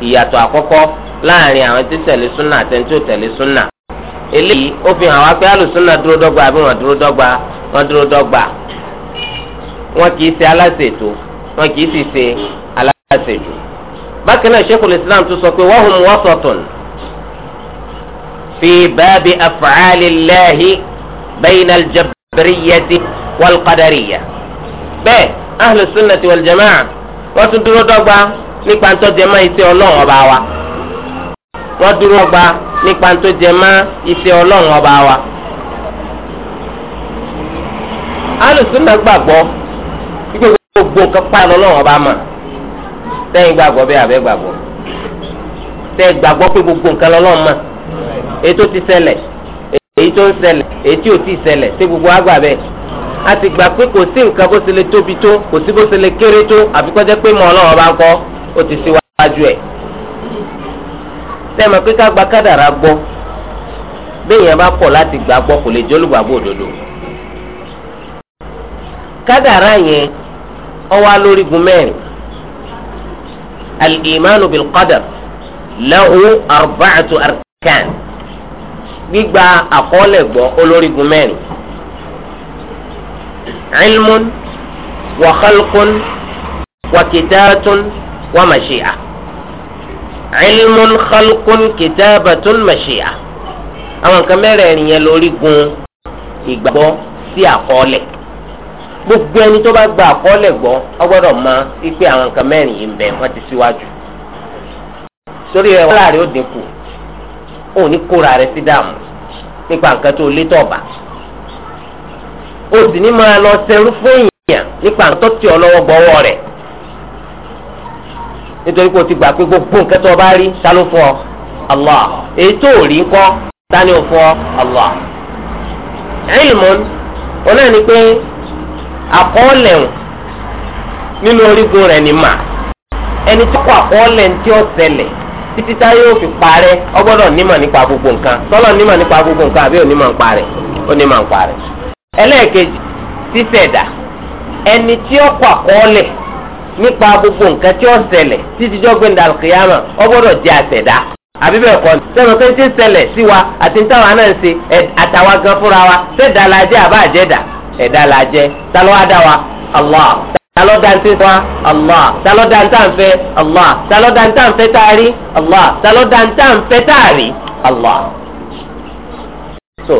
ìyàtọ̀ àkọ́kọ́ láàrin wọ́n dúró dọ́gba wọ́n kì í ṣe aláṣetò wọ́n kì í sì ṣe aláṣejù. bákan náà Sheikhul Islam tún sọ pé wa hum wasatun fi baabi af'aalillahi bayna al-jabriyyati bẹ́ẹ̀ ahlu sunnati wal jamaa wọ́n tún dúró dọ́gba nípa ń tọ́jẹ́ iṣẹ́ ọlọ́run ọba wa. wọ́n dúró dọ́gba nípa ń tọ́jẹ́ iṣẹ́ ọlọ́run ọba wa. alùsùnà gbàgbọ́ ipe gbogbo nǹkan pa lọ́lọ́run ọba mà sẹ́yìn gbàgbọ́ bẹ́ẹ̀ abẹ́ gbàgbọ́ sẹ́yìn gbàgbọ́ pé gbogbo nǹkan lọ́lọ́run mà èyí tó ti ṣẹlẹ̀ èyí tó ń ṣẹlẹ̀ èyí tí ò tí ì ṣẹlẹ̀ ṣé gbogbo wa bẹ́ẹ̀ a ti gbà pé kò sí nǹkan bó ṣe lè tóbi tó kò sí bó ṣe lè kéré tó àfi kó jẹ́ pé mọ ọlọ́run ọba kọ́ ó ti síwájú ẹ̀ sẹ́yìn mọ̀ pé ká gba kádàrá gbọ́ bẹ́ẹ̀ yẹn bá pọ̀ láti gbàgbọ́ kò lè jólùgbàgbọ́ òdodo kádàrá yẹn ó wà lórígun mẹ́rin al-imanu bil-qadar lahu arba'atu arkan gbígba àkọọ́lẹ̀ gbọ́ olórígun mẹ́rin ilmun wa khalqun wa kitabatun wa mashi'a ilmun khalqun kitabatun mashi'a àwọn nǹkan mẹ́rẹ̀ẹ̀rin yẹn lórígun ìgbàgbọ́ sí àkọọ́lẹ̀. gbogbo ẹni tó bá gba àkọọ́lẹ̀ gbọ́ ọ gbọ́dọ̀ mọ ipe àwọn nǹkan mẹ́rin yìí ń bẹ wọ́n ti síwájú sórí rẹ wọ́n láàrin ó dínkù ó ní kóra rẹ sí dààmú nípa nǹkan tó lé tọ̀bà sì ní máa lọ sẹ́rú fún èèyàn nípa ti gbà pé gbogbo nǹkan tó o bá rí ta ló Allah èyí tó o rí kọ́ ọ àkọọ́lẹ̀ nínú orígun rẹ̀ ni mà ẹni tí kò àkọọ́lẹ̀ tí ó ṣẹlẹ̀ títí tá yóò fi parẹ́ ó gbọ́dọ̀ nípa gbogbo nǹkan sọ́lọ̀ nímọ̀ nípa gbogbo nǹkan àbí onímọ̀ nípa rẹ̀ onímọ̀ nípa rẹ̀ ẹlẹ́ẹ̀kejì sísẹ̀dá tí ó kọ àkọọ́lẹ̀ nípa gbogbo nǹkan tí ó ṣẹlẹ̀ títí jọ́gbìn dàlùkìyàmà ó gbọ́dọ̀ àbí bẹ́ẹ̀ kọ́ sẹ́wọ̀n pé sí wa àti táwa náà ń ṣe gan fúnra wa la jẹ́ àbá ẹ̀dá la jẹ́ ta ló wá dá wa allah ta ló dá ntí wa allah ta ló dá ntá allah ta ló dá taari allah ta ló dá taari allah. so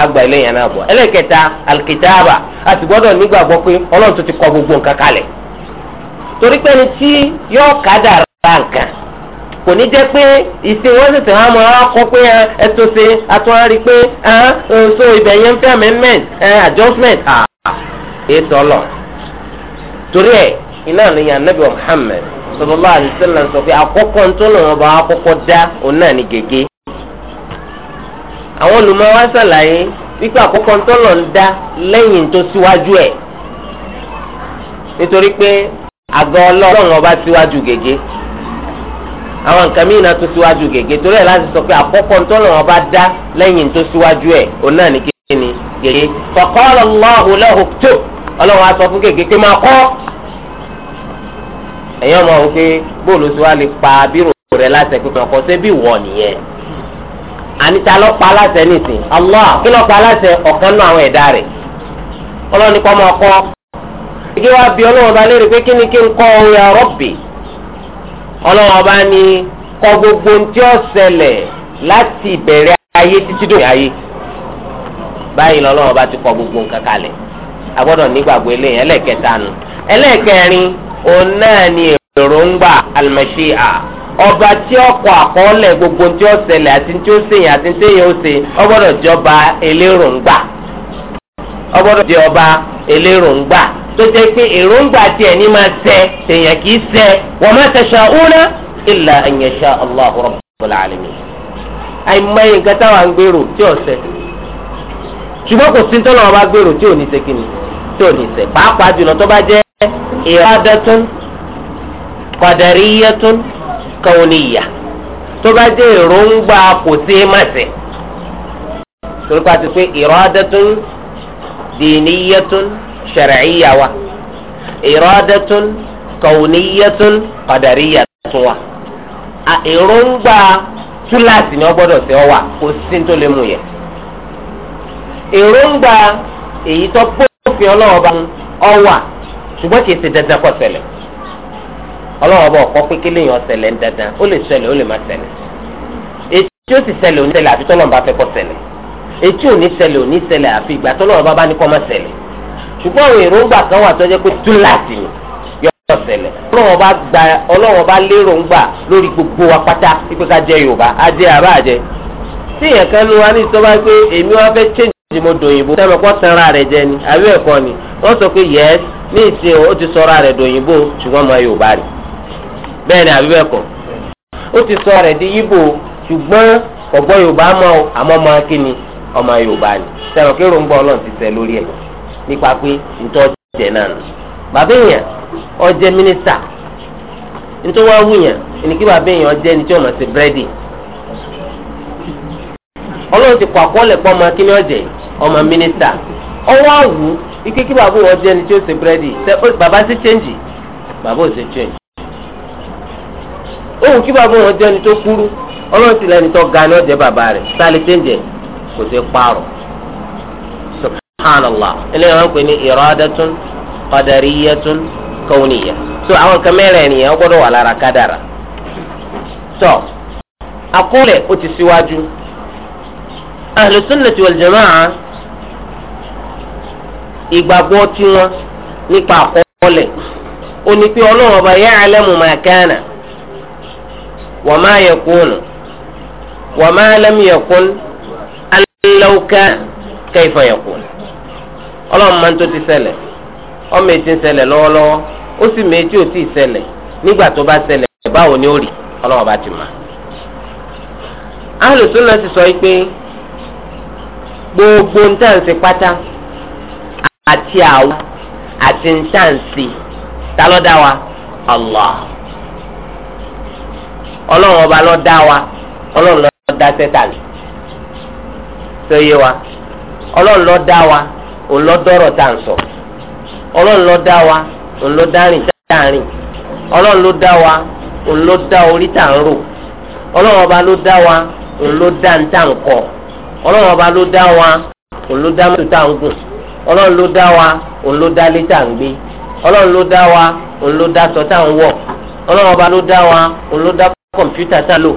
agba eléyàn náà bọ̀ ẹlẹ́kẹta alikitaaba àti gbọ́dọ̀ nígbàgbọ́ pé ọlọ́run tó ti kọ gbogbo nǹkan kalẹ̀ torí pé ẹni tí yóò kádàrá nǹkan kò ní jẹ́ pé ìsìn wọ́n sì tẹ̀wọ́n mọ́ ọ kọ́ pé ẹ tó ṣe atúwárí pé so ibẹ̀ yẹn ń fẹ́ amendment adjustment ètò ọlọ torí ẹ iná ni yàn nàbẹ Muhammad sallallahu alaihi wasallam sọ pé àkọ́kọ́ ntọ́nà wọn bá àkọ́kọ́ dá òun náà ni gègé àwọn olùmọ̀ wa ṣàlàyé wípé àkọ́kọ́ ntọ́nà ń dá lẹ́yìn tó síwájú ẹ̀ nítorí pé àgọ́ ọlọ́run ọba síwájú gègé. àwọn nǹkan míì náà tó síwájú gègé torí ẹ̀ láti sọ pé àkọ́kọ́ ntọ́nà ọba dá lẹ́yìn tó síwájú ẹ̀ òun náà ní kékeré ni gègé faqala Allahu lahu uktub ọlọ́run á sọ fún gègé pé máa kọ́ ẹ̀yàn máa wò pé bóòlù tí wàá lè pa bírò rẹ̀ láti ẹ̀kú kan kọ́ sẹ́bí wọ̀ nìyẹn àníta lọ́ pa aláṣẹ nìsín Allah kí lọ́ pa aláṣẹ ọ̀kan náà àwọn ẹ̀dá rẹ̀ ọlọ́run ní kọ́ máa kọ́ bí ọlọ́run bá lérè pé kí n kọ́ ya ọlọ́wọ́n bá ní kọ gbogbo ntí ó ṣẹlẹ̀ láti ìbẹ̀rẹ̀ ayé títí dòní ayé báyìí lọ́lọ́wọ́n bá ti kọ gbogbo nǹkan kalẹ̀ agbọ́dọ̀ nígbàgbọ́ eléyìí ẹlẹ́ẹ̀kẹta nu ẹlẹ́ẹ̀kẹrin òun náà ni èròǹgbà al-mashi'a ọba tí ó kọ àkọọ́lẹ̀ gbogbo tí ó ṣẹlẹ̀ àti tí ó ṣèyàn àti tí èyàn ó ọgbọ́dọ̀ jẹ́ ọba eléròǹgbà tó jẹ́ pé èròǹgbà tiẹ̀ ní máa ṣẹ tèèyàn kì í ṣẹ wa ma tasha'una illa an yasha Allahu rabbul alamin. àìmọye nǹkan táwa ń gbèrò tí ò ṣẹ ṣùgbọ́n kò sí ní tọ́lọ́wọ́ bá gbèrò tí ò ní ṣe kíni tí ò ní ṣe pàápàá jùlọ tó bá jẹ́ iradatun qadariyatun kauniyya tó bá jẹ́ èròǹgbà kò sí má ṣẹ torí ti pé iradatun diniyatun shar'iyya wa iradatun kauniyatun qadariyatun wa èròǹgbà túláàsì ni wọ́n gbọ́dọ̀ ṣe ọ wà kò sí tó lè mú yẹ èròǹgbà èyí tó pófin ọlọ́wọ́ bá ọ wà ṣùgbọ́n kì í ṣe dandan kó ṣẹlẹ̀ ọlọ́wọ́ bá ọkọ pé kí lèèyàn ṣẹlẹ̀ ń dandan ó lè ṣẹlẹ̀ ó lè má ṣẹlẹ̀ etí ó sì ṣẹlẹ̀ ò ní ṣẹlẹ̀ àfi tọ́lọ́mù bá fẹ́ kó ṣẹlẹ̀ etí ò ní ṣẹlẹ̀ ò ní ṣẹlẹ̀ àfi ìgbà tọ́lọ́mù bá bá ní kó má ṣẹlẹ̀ ṣùgbọ́n àwọn èròǹgbà kan wà tó jẹ́ pé túláàsì ni yọ ṣẹlẹ̀ ọlọ́wọ́n bá gba ọlọ́wọ́n bá lérò ń gbà lórí gbogbo wa pátá pípẹ́ ká jẹ Yorùbá á jẹ àbá àjẹ tí èèyàn kan ló wá ní ìsọba pé èmi wá fẹ́ change ti mo dòyìnbó sẹ́mi kọ́ sanra rẹ̀ jẹ ni àbí ẹ̀kọ́ ni wọ́n sọ pé yẹ́s ní ìsìn o ti sọra rẹ̀ dòyìnbó ṣùgbọ́n ọmọ Yorùbá rẹ̀ bẹ́ẹ̀ ni àbí ẹ̀kọ́ ó ti sọ rẹ̀ di Ìgbò ṣùgbọ́n ọ̀gbọ́n Yorùbá mọ́ àmọ́ ọmọ akíni ọmọ Yorùbá ni sẹ́mi kí nípa pé ntọ́ jẹ náà nù. bàbá èèyàn ó jẹ́ mínísítà ntọ́ wá wúyàn ẹni kí bàbá èèyàn ó jẹ́ ẹni tí ó máa ṣe búrẹ́dì. ọlọ́run ti kọ́ àkọọ́lẹ̀ pọ́ ọmọ kí ni ó jẹ́ ọmọ mínísítà ọwọ́ àwù ike kí bàbá wọn jẹ́ ẹni tí ó ṣe búrẹ́dì bàbá sì chẹ́ǹjì bàbá ò sì chẹ́ǹjì. ohun kí bàbá wọn jẹ́ ẹni tó kúrú ọlọ́run ti lẹ́ni tó ga ni ó bàbá rẹ̀ sálẹ̀ chẹ́ǹjì kò sí pààrọ̀ subhanallah eléyìí wọn pè ní iradatun qadariyatun kawuniya so àwọn kan mẹ́rin ènìyàn gbọ́dọ̀ wà lára kádàrà tọ́ àkọọ́lẹ̀ ó ti síwájú ahlu sunnati wal jamaa ìgbàgbọ́ tiwọn nípa àkọọ́lẹ̀ ó ní pé ọlọ́run ọba ya'lamu ma kana wa ma yakunu wa ma lam yakun an law kana kayfa yakun ọlọ́run máa ń tó ti ṣẹlẹ̀ ọmọ ètí ń ṣẹlẹ̀ lọ́wọ́lọ́wọ́ ó sì mọ etí ò tí ì ṣẹlẹ̀ nígbà tó bá ṣẹlẹ̀ báwo ni ó rí ọlọ́run bá ti mọ̀. alùsùn náà ti sọ pé gbogbo ń tà ń ṣe pátá àti àwa àti ń tà wa Allah ọlọ́run ọba ló dá wa ọlọ́run ló dá sẹ́tà lè sọ yé wa ọlọ́run ló dá wa òun ló dọ́rọ̀ tá à ń sọ ọlọ́run ló dá wa òun ló dá rìn tá à ń rìn ọlọ́run ló dá wa òun ló dá orí tá à ń rò ọlọ́run ọba ló dá wa òun ló dá ń tá à ń kọ ọlọ́run ọba ló dá wa òun ló dá mọ́tò tá à gùn ọlọ́run ló dá wa òun dá lé tá à gbé ọlọ́run ló dá wa òun dá sọ tá à ń wọ̀ ọba ló dá wa òun dá kọ̀mpútà tá à lò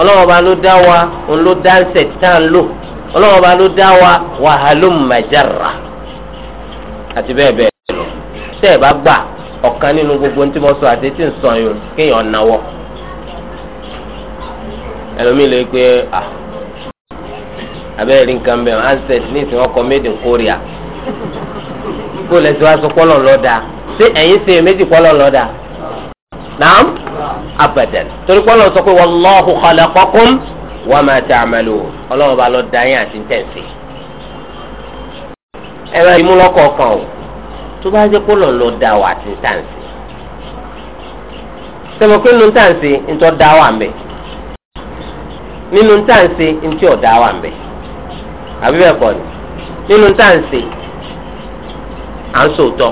ọlọ́run ọba ló dá wa òun dá ń tá à lò ọlọ́run ọba ló dá wa wàhálùm àti bẹ́ẹ̀ bẹ́ẹ̀ lọ tẹ́ ẹ bá gbà ọ̀kan nínú gbogbo tí mo sọ àti tí ń sọ yìí kéèyàn náwó ẹlòmíì lè pe abẹ́rẹ́ rí nǹkan bẹ́ẹ̀ ansẹ́t ní ìsìn ọkọ̀ made in Korea kó lẹ́sìn wá sọ pọ́lọ̀ lọ́dà ṣé ẹ̀yin ṣe méjì pọ́lọ̀ lọ́dà naam abadan torí pọ́lọ̀ sọ pé wallahu khalaqakum wa ma ta'malun ọlọ́run bá lọ dá yín àti ń tẹ̀sí. ẹ̀rọ ìmúlọ́kọ̀ọ̀kan o tó bá jẹ́ kó lọ́n lọ da wà àti táǹsì pé nínú ntọ́ da wà ń bẹ̀ nínú táǹsì ntí ọ̀ da wà ń bẹ̀ àbí bẹ́ẹ̀ kọ́ ni nínú táǹsì à ń sòótọ́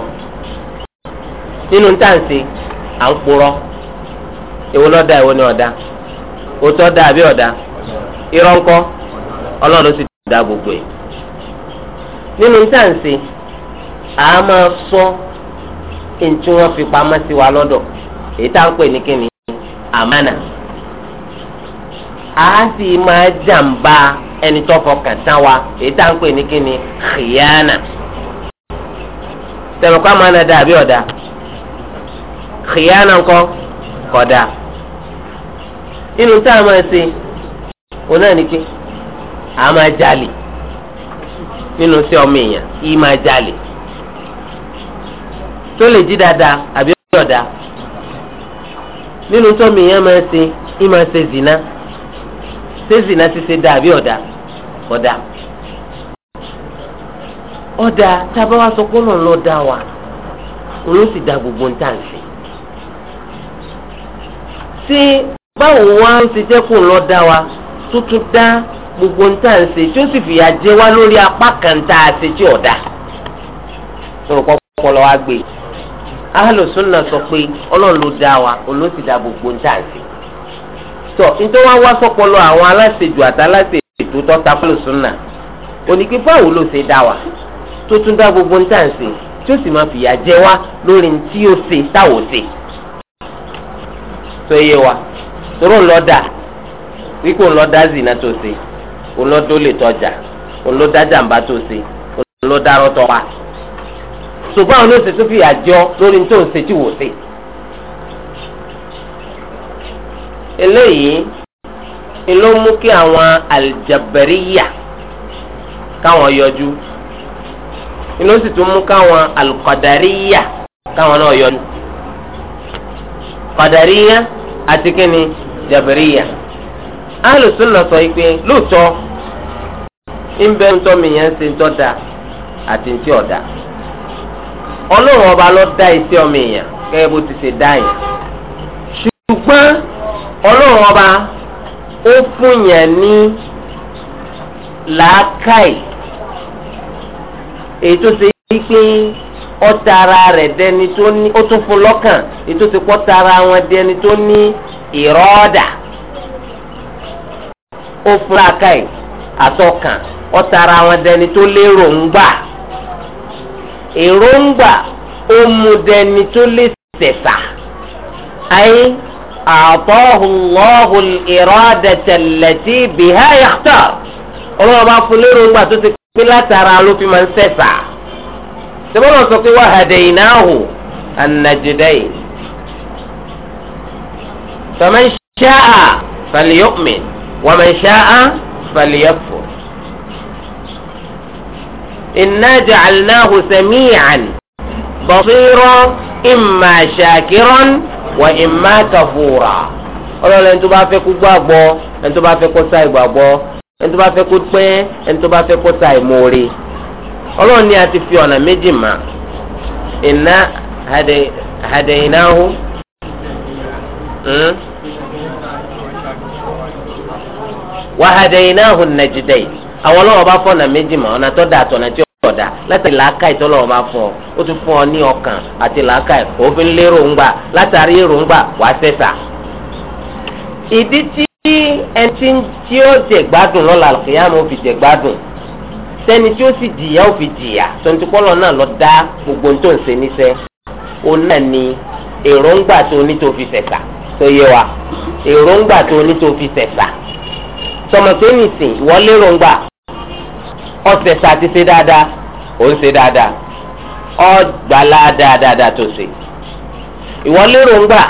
nínú táǹsì à ń da ni ọ̀dà òótọ́ da àbí ọ̀dà ńkọ́ ọlọ́run sì gbogbo yìí. nínú táǹsì a máa sọ ntí wọ́n fi pamọ́ sí wa lọ́dọ̀ èyí tá à ń pè ní kíni àmánà a sì máa jàǹbá ẹni tó fọkàn tán wa èyí tá à ń pè ní kíni khìyànà tẹ̀mọ̀kọ́ àmánà dà bí ọ̀dà khìyànà ńkọ́ nínú táwọn máa náà ni pé a máa jalè nínú sí ọmọ èèyàn yìí máa jalè tó lè jí dáadáa àbí ọ̀dà nínú sọmọ èèyàn máa ṣe yìí máa ṣe zina ṣe zina ti ṣe dáa àbí ọ̀dà ọ̀dà ọ̀dà tábà wá sọ pé ọlọ́run ló dá wa òun sì dá gbogbo ń tà ń sìn ṣé báwo wá ń ti jẹ́ kó lọ́ọ́ dá wa tó tún dá gbogbo ń tà ń ṣe tí ó sì fìyà jẹ wá lórí apá kan tá a ṣe tí ọ̀dà sọ̀rọ̀ kọ́ pọlọ wa gbé ahlùsùnà sọ pé ọlọ́run ló dá wa olóhùn ti dá gbogbo ń tà ń ṣe tọ nítorí wọn wá sọpọlọ àwọn aláṣejù àtàláṣe ètò tọ́ta ahlùsùnà oníke báwo ló ṣe dá wa tó tún dá gbogbo ń tà ń ṣe tí ó sì máa fìyà jẹ wá lórí tí ó ṣe táwọ̀ ṣe sọ iye wa torí ń wípé ń lọ dá zina tó ṣe olódó lè tọjà olódájà ń bá tó ṣe olódárọ tọ wa ṣùgbọ́n àwọn oníṣẹ́ tó fìyà jọ lórí tó ń ṣe tí wò ṣe. eléyìí ni ló mú kí àwọn aljabaríyà káwọn yọjú inú sì tún mú káwọn alukọdaríyà káwọn náà yọjú kọdaríyà àti kíni jabaríyà alùsùn náà sọ yìí pé lóòótọ́ ńbẹ ńtọ́ mi yẹn ṣe ńtọ́ da àti ńtí ọ̀dà ọlọ́run ọba ló dá iṣẹ́ ọmọ èèyàn gẹ́gẹ́ bó ti ṣe dá yẹn ṣùgbọ́n ọlọ́run ọba ó fún yẹn ní làákàì èyí tó ṣe yí pé ọta ara rẹ̀ dẹni tó ní ó tún fún lọ́kàn èyí tó ṣe pọ́ tara wọn dẹni tó ní ìrọ́ọ̀dà ó fún làákàì àtọkàn ọ̀tara àwọn dẹni tó lérògbà èròǹgbà ó mú dẹni tó lè tẹ̀sà ayé àtọ́hùnlọ́hùn ìrọ́dẹ̀tẹ̀lẹ̀tì bìhá yàtọ̀ ọlọ́run bá fún lérògbà tó ti pín látara ló fi máa ń tẹ̀sà sọ́kọ́nà sọ pé wà hadaynahu an-najdayn faman sha'a falyu'min wa man sha'a إنا جعلناه سميعا بصيرا إما شاكرا وإما كفورا ọlọ́run ẹni tó bá fẹ́ kó gbàgbọ́ ẹni tó bá fẹ́ kó sa ìgbàgbọ́ ẹni tó bá fẹ́ kó pẹ́ ẹni tó bá fẹ́ kó sa ìmoore ọlọ́run ni a ti fi ọ̀nà méjì mà iná wà àwọn ọlọ́wọ́ bá fọ̀nà méjì mọ́ ọ̀nà tó dáa tọ̀nà tí ó dà látàrí làákàyè tó lọ́wọ́ bá fọ ó tún fún ọ ní ọkàn àti làákàyè òfin lérògbà látàrí èrògbà wà sẹ́sà. ìdí tí ẹni tí ó jẹ gbádùn lọ́la kìyàmù ó fi jẹ gbádùn sẹ́ni tí ó sì jìyà ó fi jìyà tontukọ́lọ́ náà lọ dá gbogbo tó ń ṣe níṣẹ́ ó náà ní èròǹgbà tó ní tó fi sẹ̀sà tó yé wa èròǹgbà tó ní tó fi sẹ̀sà sọmọ pé nìsín ìwọ léròǹgbà ọ̀sẹ̀ sàti ṣe dáadáa ò ń ṣe dáadáa ọ̀gbàlá dáadáa tó ṣe ìwọ lérò ń gbà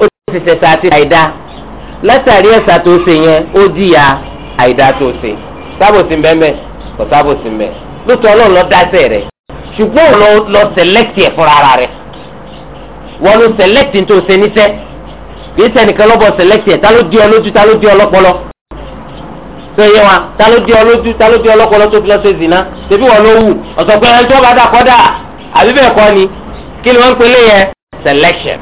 ó ti ṣe sàti àìdá látàrí ẹ̀sà tó ṣe yẹn ó jìyà àìdá tó ṣe sábòsí mbẹ́mbẹ́ kò sábòsí mbẹ́ lóòótọ́ ọlọ́run lọ dáṣẹ́ rẹ̀ ṣùgbọ́n lọ lọ sẹlẹ́tì ẹ̀ fúnra rẹ̀ wọ́n lọ sẹlẹ́tì tó ṣe níṣẹ́ kì í ṣẹ́nìkan lọ́bọ̀ sẹlẹ́tì ẹ̀ ta ló di ọ lójú ta ló di ọ lọ́pọlọ tó yẹ wa ta ló di ọlójú ta ló di ọlọ́pọlọ tó fi lọ sí zina tẹbi wọn ló wù ọ̀sọ̀ pé ẹjọ́ bá dà kọ́dà àbí bẹ́ẹ̀ kọ́ ni kí ni wọ́n ń pele yẹn selection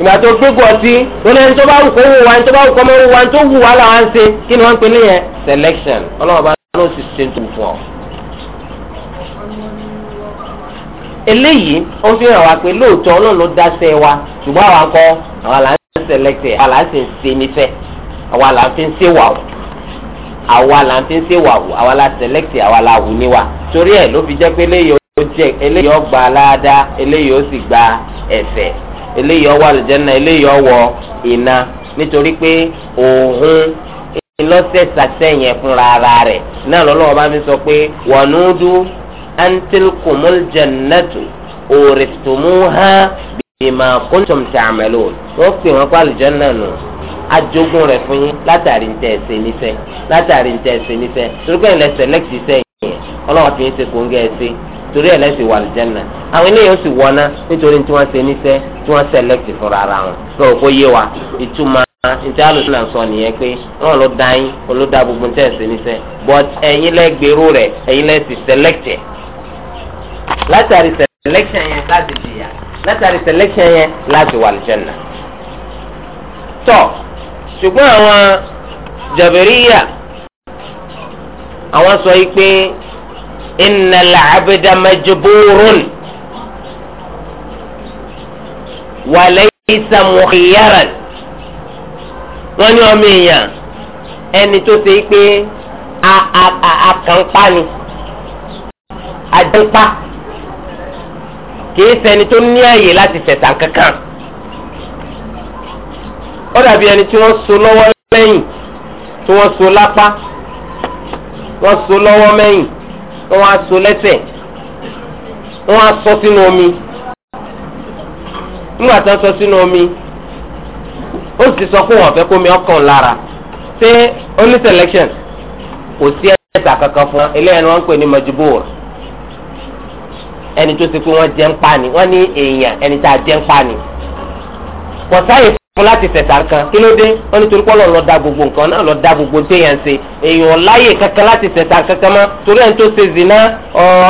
ìgbà tó gbégbó ọtí ó lẹ́yìn tó bá wù kó wù wá ní tó bá wù kó wù wá ní wù wá làwọn ṣe kí ni wọ́n ń pele yẹn selection ọlọ́wọ́ bá ló sì ṣe tó fún ọ. eléyìí ó fi hàn wá pé lóòótọ́ ọlọ́run ló dáṣẹ́ wa ṣùgbọ́n àwa kọ́ àwa là ń select àwa là ń fi ń ṣèwà o àwa là ń fi ń ṣèwà o àwa la sẹlẹ̀kì àwa la wù níwà torí ẹ̀ ló fi jẹ́ pé eléyìí ó jẹ́ eléyìí ó gba aláàdá eléyìí ó sì gba ẹ̀ṣẹ̀ eléyìí ó wọ àlùjẹ́nà eléyìí ó wọ iná nítorí pé òun ìlọ́sẹ̀ sàtẹ̀yìn fúnra ara rẹ̀ náà lọ́lọ́wọ́ bá mi sọ pé wọnúdú antilkumul jannatu òrìtùmù hàn bima kuntum ta'malun wọ́n pè wọ́n nù ajogun rẹ̀ fún yín látàrí ntẹ̀ ẹ̀sẹ̀ nífẹ̀ látàrí ntẹ̀ ẹ̀sẹ̀ nífẹ̀ torí pé ẹ̀lẹ́sẹ̀ lẹ́kìtì sẹ́yìn yẹn ọlọ́wọ́n fi ń ṣe kóńgẹ́ ẹ̀sẹ̀ torí ẹlẹ́sìn wà lùjẹ́nà àwọn eléyìí ó sì wọná nítorí tí wọ́n ṣe níṣẹ́ tí wọ́n sẹ̀lẹ́kìtì fúnra ara wọn fẹ́ òkú yé wa ìtumọ̀ ntí alùsùnà sọ nìyẹn pé wọn ló dá yín olódà gbogbo ntẹ́ ẹ̀sìn níṣẹ́ but ẹ̀yin lẹ́gbẹ̀rú rẹ̀ ẹ̀yin lẹ́sìn sẹ̀lẹ́kìtì látàrí sẹ̀lẹ́kìtì yẹn láti jìyà látàrí selection, yẹn láti wà lùjẹ́nà tọ́ ṣùgbọ́n àwọn jabiriya àwọn sọ yìí pé innal abda majburun wa laysa mukhayyaran wọ́n ní ọmọ èèyàn ẹni tó ṣe pé àkànpá ni àjẹpá kì í ṣẹni tó ní àyè láti fẹ̀sà kankan ó dàbí ẹni tí wọ́n so lọ́wọ́ lẹ́yìn tí wọ́n so lápá wọ́n so lọ́wọ́ mẹ́yìn wọ́n á so lẹ́sẹ̀ wọ́n á sọ sínú omi nígbà tó ń sọ sínú omi ó sì sọ pé wọ́n fẹ́ kó mi ọkàn lára ṣé only selection kò sí ẹ̀sà kankan fún eléyìí ni wọ́n ń pè ní majibur ẹni tó ti pé wọ́n jẹ́ ń pa ni wọ́n ní èèyàn ẹni tá a jẹ́ ń pa ni kò sáyè fún láti tẹ̀sà kan kí ló dé wọn nítorí pé ọlọ́run ló dá gbogbo nǹkan náà ló dá gbogbo téèyàn ṣe èèyàn láyè kankan láti tẹ̀sà kankan mọ́ torí ẹni tó ṣe zina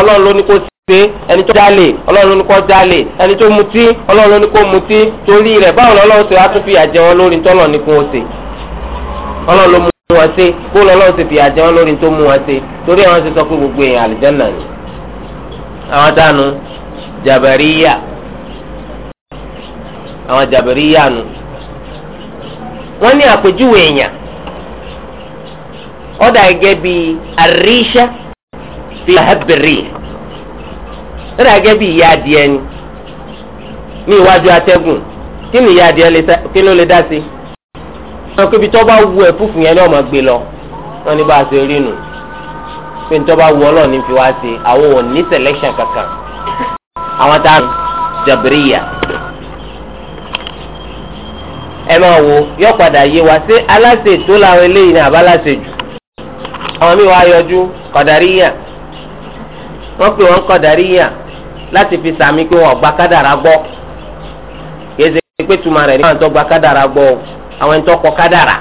ọlọ́run ló ní kó ṣe ẹni tó jalè ọlọ́run ló ní kó jalè ẹni tó mutí ọlọ́run ló ní kó mutí torí rẹ̀ báwo lọ́lọ́run ṣe wá tún fìyà jẹ wọn lórí tọ́lọ̀ ní kó ṣe ọlọ́run ló mú wọn ṣe kó lọ́lọ́run wọ́n ní àpèjúwe èèyàn ọ̀dà gẹ́gẹ́ bí àríṣà fi hàbẹ̀rì ọ̀dà gẹ́gẹ́ bí ìyá adìẹ ni ní iwájú atẹ́gùn kí ni ìyá adìẹ kí ló lè dá sí wọn kébi tó bá wu ẹ̀fúfù yẹn ní ọmọ gbé lọ wọn ní bá a ṣe rí nù pé ní wu ọlọ́ọ̀ fi wá ṣe àwọn ò ní selection kankan àwọn tá a yà ẹ máa wo yọ padà yé wa ṣé aláṣẹ tó làwọn eléyìí ní àbáláṣẹ jù àwọn míì wá yọjú kọ̀dáríyà wọ́n pè wọ́n kọ̀dáríyà láti fi sàmì pé wọ́n gba kádàrá gbọ́ yéèzè pé tuma rẹ̀ ní àwọn tó gba kádàrá gbọ́ àwọn ẹni tó kọ kádàrá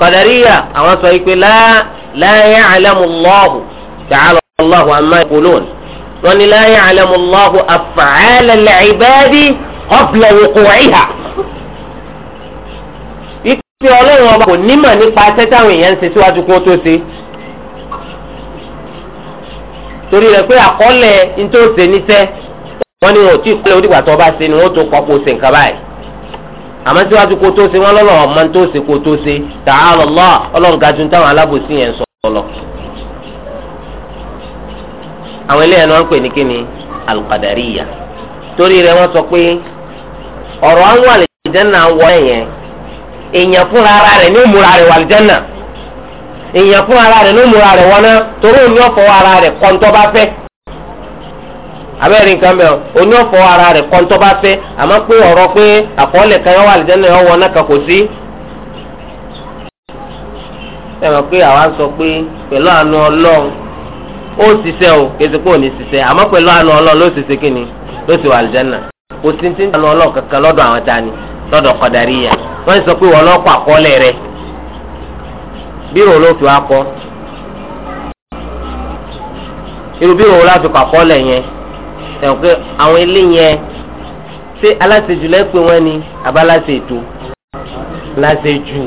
kọ̀dáríyà àwọn sọ yìí pé la ya'lamu Allahu ta'ala Allahu amma yaqulun wọ́n ní la ya'lamu Allahu af'ala al-ibadi qabla wuqu'iha. tí ọlọ́run ọba kò nímọ̀ nípa iṣẹ́ táwọn èèyàn ń ṣe síwájú kó tó ṣe torí rẹ pé àkọọ́lẹ̀ ntòsè níṣẹ́ wọ́n ní òtí ìkọlẹ̀ onígbà tó ṣe ni wọ́n tó kọ́ ṣe nǹkan báyìí àmọ́ síwájú kó tó ṣe wọ́n lọ́lọ́ ọmọ ntòsè kó tó ṣe ọlọ́run sọ lọ. àwọn eléyàn pè ní kíni èèyàn fúnra ara rẹ̀ ní òmùra rẹ̀ wà lìjánà èèyàn fúnra ara rẹ̀ ní òmùra rẹ̀ wọná torí òní ọ̀fọ̀ ara rẹ̀ kọ́ńtọ́ bá fẹ́ abẹ́rẹ́ nǹkan mẹ́ọ̀ òní ọ̀fọ̀ ara rẹ̀ kọ́ńtọ́ bá fẹ́ àmọ́ pé ọ̀rọ̀ pé àkọọ́lẹ̀ kan wà lìjánà yọ wọná kan kò sí. ẹ mọ̀ pé àwa sọ pé pẹ̀lú àánú ọlọ́run ó ṣiṣẹ́ o kéde pé ò ní ṣiṣẹ́ àmọ́ pẹ̀lú àánú ọlọ́run ló ṣiṣẹ́ kíni ló ṣe wà lìjánà kò sí ti ń tàn ọlọ́run kankan lọ́dọ̀ àwọn ta ni lọ́dọ̀ kọ̀dáríyà wọ́n sọ pé wọ́n lọ́kọ̀ àkọọ́lẹ̀ rẹ̀ bírò ló fi wá kọ́ irú bírò wo láti kọ́ àkọọ́lẹ̀ yẹn ẹ̀wọ̀n pé àwọn ilé yẹn ṣé aláṣejù lẹ́pẹ́ wọn ni àbá aláṣẹ ètò aláṣejù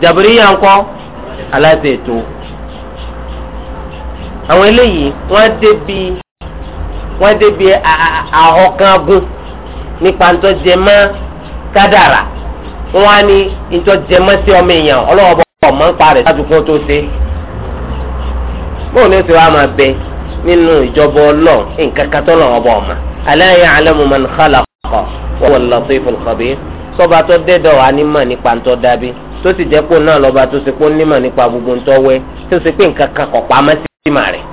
jàbíríyà ńkọ́ aláṣẹ ètò àwọn eléyìí wọ́n débi wọ́n débi àhọ́kángun nípa ntọ́jẹ́ máa kádàrà wọn á ní ìjọ jẹmọ́sí ọmọ èèyàn ọlọ́wọ́ bọ́ ọmọ ń parẹ́ ṣáájú kó tó ṣe. bóun ní sọ wá máa bẹ nínú ìjọba ọlọ́ọ̀ nǹkan kan tó lọ́wọ́ bọ́ ọmọ. ala ya'lamu man khalaqa wa huwa al-latiful khabir sọba tó dẹ́dọ̀ wá nímọ̀ nípa ntọ́ dábí tó sì jẹ́ pé náà lọ́ba tó ṣe pé ó nímọ̀ nípa gbogbo ntọ́wẹ́ tó ṣe pé nǹkan kan kọ̀ pamọ́ sí ìmọ̀ rẹ̀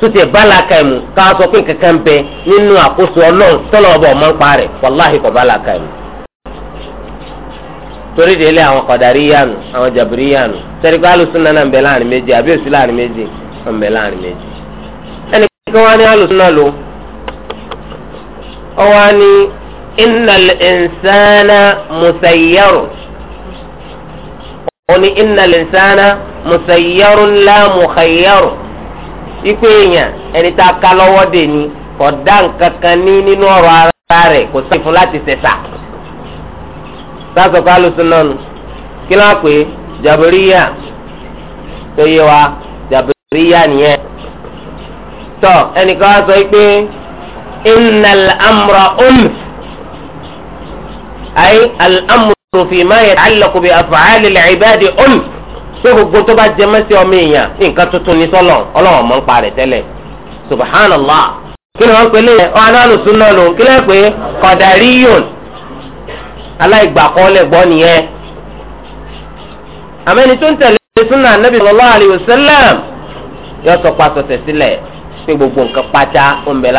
tó tiẹ̀ bá làákà ẹ̀ mu ká sọ pé kankan bẹ nínú àkóso ọlọ́run tọ́lọ̀ ọba ọmọ ń pa rẹ̀ wàláhì kò bá làákà ẹ̀ mu. torí délé àwọn kọ̀dárí yánu àwọn jàbírí yánu sẹ́ríkà alùsùnà náà ń bẹ láàrin méjì àbí òsì láàrin méjì ń láàrin méjì. ẹnì kan wá ní alùsùnà lò ó wá ní innal insana musayyaru ó ní innal insana musayyarun la mukhayyaru ipe èèyàn ẹni tá a ká lọ́wọ́ dè ní ọ̀dà nǹkan kan ní nínú ọ̀rọ̀ ara rẹ̀ kò sí fún láti sẹ̀sà. sásọ̀kọ́ alùsùnà nù kí ló ń pè é jàbíríyà tó yé wa jàbíríyà nìyẹn. tọ́ ẹnìkan á sọ pé innal amra unf ay al amru fi ma yata'allaqu bi af'ali al ibadi unf. tó gbogbo tó bá jẹ mẹsẹ ọmọ èèyàn nǹkan tuntun ní sọlọ Ọlọ́run mọ ń parẹ tẹ́lẹ̀ subhanallah kí ni wọn ọ lò kí lè aláìgbàkọọlẹ gbọ nìyẹn àmẹni tó ń súnà yọ sọ gbogbo nǹkan pátá ó ń bẹ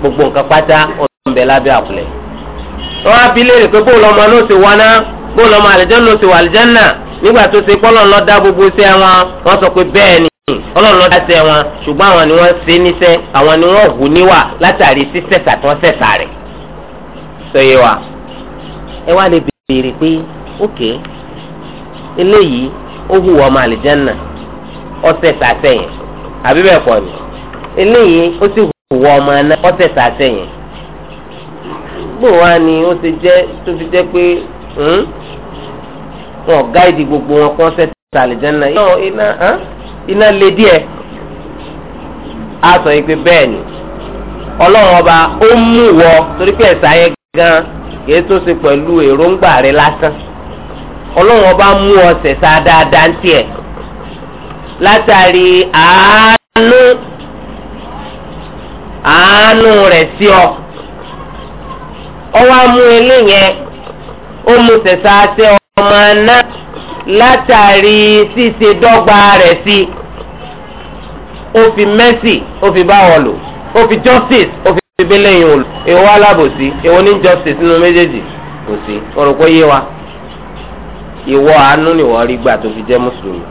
gbogbo nǹkan pátá ó ń bẹ wọn á léèrè pé bó lọ́mọ àlìjẹ́nà ti wà àlìjẹ́nà nígbà tó ṣe pọ́ lọ́nà dá gbogbo iṣẹ́ wọn wọ́n sọ pé bẹ́ẹ̀ ni ọlọ́run lọ́dá ṣe wọn ṣùgbọ́n àwọn ni wọ́n ṣe níṣẹ́ àwọn ni wọ́n hù níwà látàrí sísẹ̀sà tí wọ́n sẹ̀sà rẹ̀ sọyẹ wa ẹ wá lè béèrè pé ókè eléyìí ó hùwà ọmọ àlìjẹ́nà ó sẹ̀sà sẹ́yìn àbí bẹ́ẹ̀ kọ́ ni eléyìí ó sì hùwà ọmọ ẹ̀ná ó sẹ̀sà sẹ́yìn gbòòwá ni ó ti jẹ́ tó fi jẹ́ pé hmm? wọn gáìdì gbogbo wọn kọ́ sẹ́tì sàlìjánná iná iná lé díẹ̀ á sọ yìí pé bẹ́ẹ̀ ni ọlọ́run ọba ó mú wọ torí pé ẹ̀sà yẹn gan kìí tó ṣe pẹ̀lú èròǹgbà rẹ lásán ọlọ́run ọba mú ọ sẹ̀sà dáadáa ń tiẹ̀ látàrí àánú àánú rẹ̀ sí ọ ọwọ́ amú yẹn ó mú sẹ̀sà sẹ́ ọ ọmọ náà látàrí ṣíṣe dọ́gba rẹ̀ sí ó fi mercy ó fi bá wọn lò ó fi justice ó fi bílẹ̀ yìí wò èwo alábòsí èwo ní justice nínú méjèèjì kò sí ọ̀rọ̀ yé wa ìwọ àánú ni wọ́n rí gbà tó fi jẹ́ mùsùlùmí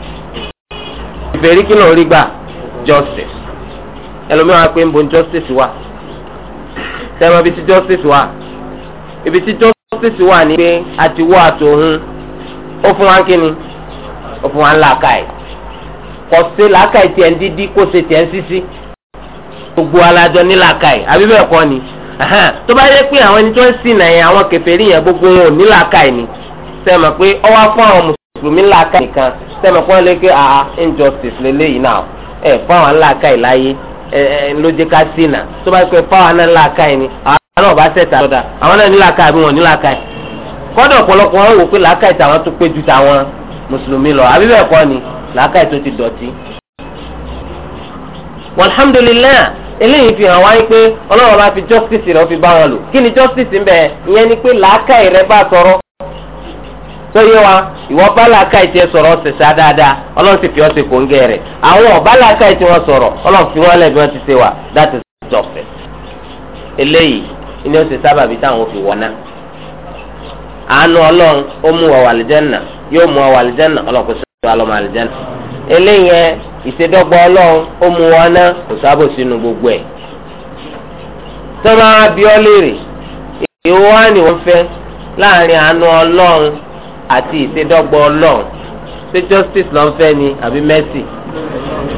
ìfèrí kí lóò rí gbà justice ẹlòmíràn pé ń bo justice wa sẹ́wọ́n ibi tí justice wa ibi tí justice wa ni pé àtiwọ́ àtòhun ó fún wa kíni ó fún wa làákàyè kò sí làákàyè tiẹ̀ ń dídí kó ṣe tiẹ̀ ń sísí gbogbo alájọ ní làákàyè àbí bẹ́ẹ̀ kọ́ ni tó bá yẹ pé àwọn ẹni tó ń sìn náà yẹn àwọn kèfèrí yẹn gbogbo wọn ò ní làákàyè ni sẹ́mi pé ó wá fún àwọn mùsùlùmí làákàyè nìkan sẹ́mi pé wọ́n lé pé àá injustice lélẹ́yìí náà ẹ̀ fún àwọn làákàyè láyé ẹ̀ ló jẹ́ ká sìn náà tó bá yẹ pé fáwọn náà làákàyè ni àwọn náà bá sẹ̀ta lọ́dà àwọn náà ní làákàyè àbí kọ́dà ọ̀pọ̀lọpọ̀ wọn wò pé làákàyè tàwọn tó pé ju tàwọn mùsùlùmí lọ àbí bẹ́ẹ̀ kọ́ ni làákàyè tó ti dọ̀tí. alhamdulilayi eléyìí fi hàn wáyé pé ọlọ́run bá fi justice rẹ̀ ó fi bá wọn lò kí ni justice ń bẹ ìyẹn ni pé làákàyè rẹ̀ bá sọ̀rọ̀ tó yé wa ìwọ bá làákàyè tiẹ̀ sọ̀rọ̀ ṣẹṣẹ́ dáadáa ọlọ́run sì fi ọ́ ṣe kòńgẹ́ rẹ̀ àwọn ọ̀bá tí wọ́n sọ̀rọ̀ ọlọ́run fi wọ́n lẹ̀ bí wọ́n ti ṣe wà that is justice eléyìí ni ó ṣe sábàbí táwọn ò fi wọ̀ náà àánú ọlọ́run ó mú wa wọ àlìjẹ́nà yóò mú wa wọ àlìjẹ́nà ọlọ́run kò sí wa lọ́mọ àlìjẹ́nà eléyẹn ìṣèdọ́gba ọlọ́run ó mú wa ná kò sábò sínú gbogbo ẹ̀ tọ́ba abiọ́ ìwọ wá ní wọ́n fẹ́ láàrin àánú ọlọ́run àti ìṣèdọ́gba ọlọ́run ṣé justice ló ń fẹ́ ni àbí mercy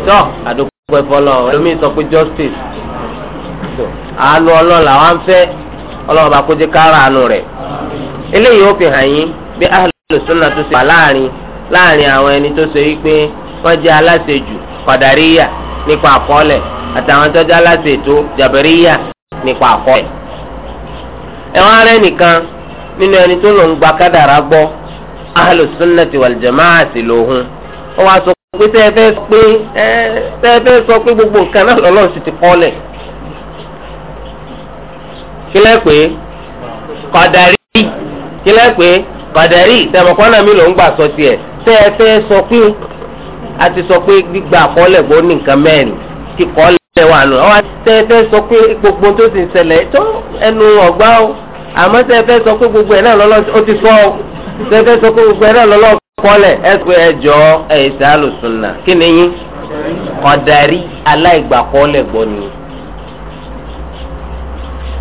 tọ́ àdókòwò ẹ̀fọ́ ẹlòmíì sọ pé justice àánú ọlọ́run làwọn fẹ́ ọlọ́run bá kó jẹ́ kára rẹ̀. eléyìí ó fi hàn yín bí ahlus sunnah tó ṣe wà láàrin láàrin àwọn ẹni tó ṣe wípé wọ́n jẹ́ aláṣejù kọ̀dàríyà nípa àkọọ́lẹ̀ àtàwọn tó jẹ́ aláṣetò jàbẹ̀ríyà nípa àkọọ́lẹ̀. ẹ̀wọ̀n ara ẹnìkan nínú ẹni tó lòún gba kádàrá gbọ́ ahlus sunnati wal lòun ó sọ gbogbo nǹkan náà sì ti pé kí lẹ́ pé kọ̀dẹ̀rì tẹ̀mọ̀kọ́nà mi ló ń gbà sọ tiẹ̀ tẹ́ ẹ fẹ́ sọ pé a ti sọ pé gbígba àkọọ́lẹ̀ gbọ́ ní nǹkan mẹ́rin kíkọ́ lẹ́ wà lọ ọ́ tẹ́ ẹ fẹ́ sọ pé gbogbo tó ti ń ṣẹlẹ̀ tó ẹnu ọ̀gbá o àmọ́ tẹ́ ẹ fẹ́ sọ pé gbogbo ẹ̀ náà lọ́lọ́ ó ti sọ ọ́ tẹ́ ẹ fẹ́ sọ pé gbogbo ẹ̀ náà lọ́lọ́ kọ́lẹ̀ ẹ pé ẹ jọ ẹ ṣe àlùsùnà kí ni yín kọ̀dàrí aláìgbàkọ́lẹ̀ gbọ́ ni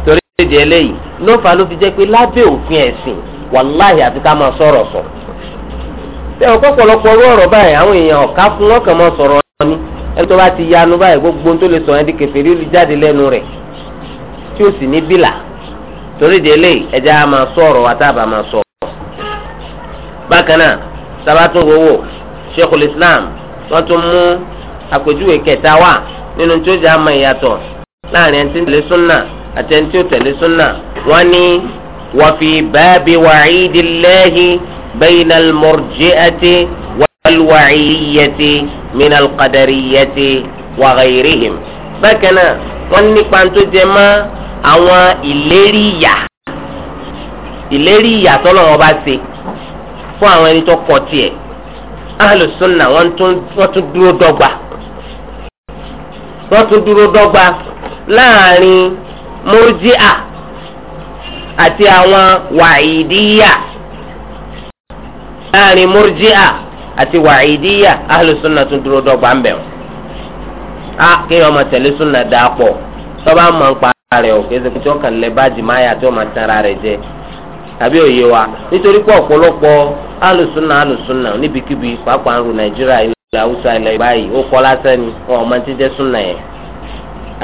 torí ìdí eléyìí ló fà ló fi jẹ́ pé lábẹ́ òfin ẹ̀sìn wàláhì àti ká máa sọ̀rọ̀ sọ. ṣé o kọ́ pọ̀lọpọ̀ ọ̀rọ̀ ọ̀rọ̀ báyìí àwọn èèyàn ọ̀ká fún wọn kàn máa sọ̀rọ̀ wọn ni ẹni tó bá ti yanu báyìí gbogbo tó lè sọ ẹni kèfèrí olú jáde lẹ́nu rẹ̀ tí ó sì ní bìlà torí délé ẹja á máa sọ̀rọ̀ wa táàbà máa sọ. bákan náà sabatun wowo sheikhul islam wọn tún mú àpèjúwe kẹta wà nínú tí ó jẹ́ àmọ́ ìyàtọ̀ láàrin ẹni tí ń tẹ̀lé súnà àti ẹni tí ó tẹ̀lé súnà wọ́n ní wàfi báàbí wàcídì lẹ́hìn bẹ́yìn almọ̀rjẹ́ẹ̀tì wàlwàcíyẹ̀tì minal qadariyẹ̀tì wàhàyèrèhìm. bákan náà wọ́n ní pàǹtó jẹ mọ́ àwọn ìlérí ìyà ìlérí ìyà tọ́lọ́wọ́ bá ṣe fún àwọn ẹni tó kọ tiẹ̀ alùsùnà wọ́n tún dúró dọ́gba wọ́n tún dúró dọ́gba láàrin mọ́rjíà. àti àwọn wàhídíyà láàrin murji'a àti wàhídíyà ahlu tún dúró dọ́gba ń bẹ̀ a kéèyàn máa tẹ̀lé sunna dáa pọ̀ tọ́ba máa ń pa rẹ̀ o kéèyàn tí wọ́n kàn lẹ́ báàjì máyà tí wọ́n máa rẹ̀ jẹ tàbí òye wa nítorí pé ọ̀pọ̀lọpọ̀ ahlu níbikíbi pàápàá ń nàìjíríà ilẹ̀ haúsá ilẹ̀ báyìí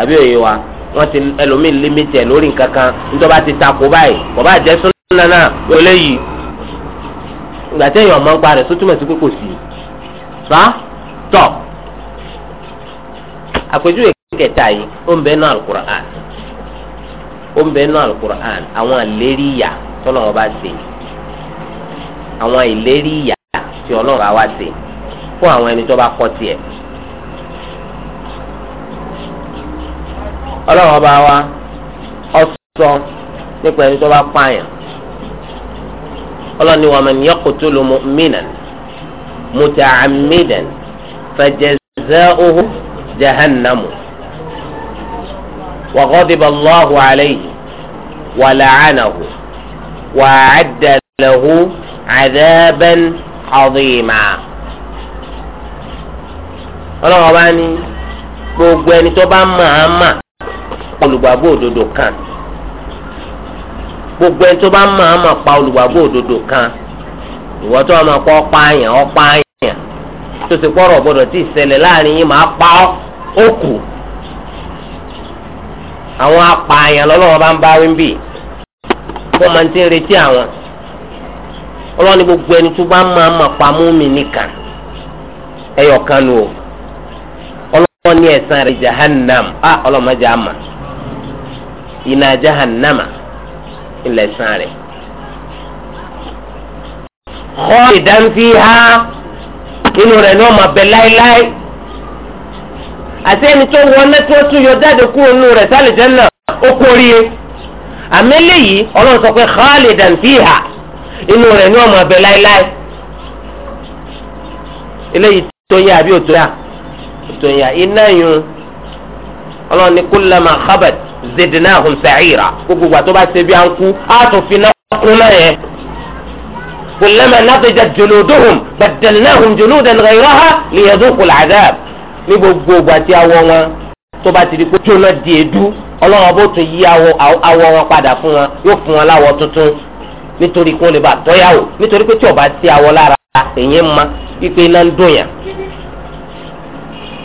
ni wọn wọ́n ti ẹlòmíì límítì ẹ̀ lórí nǹkan kan níjọba ti ta kó báyìí kò bá jẹ́ súnà náà wọlé yìí ìgbà tí èèyàn máa ń pa rẹ̀ sótúmọ̀ sí pé kò sí fa tọ̀ àpèjúwe kẹta yìí ó ń bẹ náà alukur'an ó ń bẹ náà alukur'an àwọn àlérí ìyà tọ́lọ́run bá ṣe àwọn ìlérí ìyà tí Ọlọ́run bá wá fún àwọn ẹni tó bá kọ̀ tiẹ̀. ọlọ́run ọba wa ọsọ nípa ẹni tó bá pààyàn ọlọ́run ni wa man yaqtulu mu'minan muta'ammidan fajaza'uhu jahannamu wa ghadiba Allahu alayhi wa la'anahu wa a'adda lahu 'adaban 'azima ọlọ́run ọba ni gbogbo ẹni tó bá mọ̀ á mà. olùgbàgbọ́ òdodo kan gbogbo ẹni tó bá mma ma pa olùgbàgbọ́ òdodo kan ìwọ tó máa pa àyàn tó ti pọ̀rọ̀ gbọdọ̀ tí ìṣẹ̀lẹ̀ láàrin yín máa pa ó kù àwọn lọ́lọ́wọ́ bá ń bá ń bì máa ń ti retí àwọn ọlọ́ni gbogbo ẹni tó bá ma nìkan ẹyọ a ọlọ́mọdé ah, àmà. iná jahannama ilẹ̀ sàn rẹ̀ khalidan fiha inú rẹ̀ ni wọ́n máa bẹ láéláé àti ẹni tó wọ ọ́nà tí wọ́n tún yọ jáde kúrò nínú rẹ̀ sí àlùjánnà ó kórìíye àmẹ́lẹ́ yìí ọlọ́run sọ pé khalidan fiha inú rẹ̀ ni wọ́n máa láéláé eléyìí tó yẹ àbí òtún yà òtún yà iná yun ọlọ́run ní kullama khabat zidnahum sa'ira gbogbo gbà tó bá ṣe bí à ń kú á tún fi náà kún náà yẹn. kullama nadijat juluduhum baddalnahum juludan ghayraha liyadhuqul adhab ní gbogbo gbà tí awọ wọn tó bá ti di pé jóná di èédú ọlọ́wọ́n bó tún yí awọ wọn padà fún wọn yóò fún wọn láwọ tuntun nítorí kó lè bá tọ́yàwó nítorí pé tí ó bá ti awọ lára èyí ma pípé iná ń dùn yàn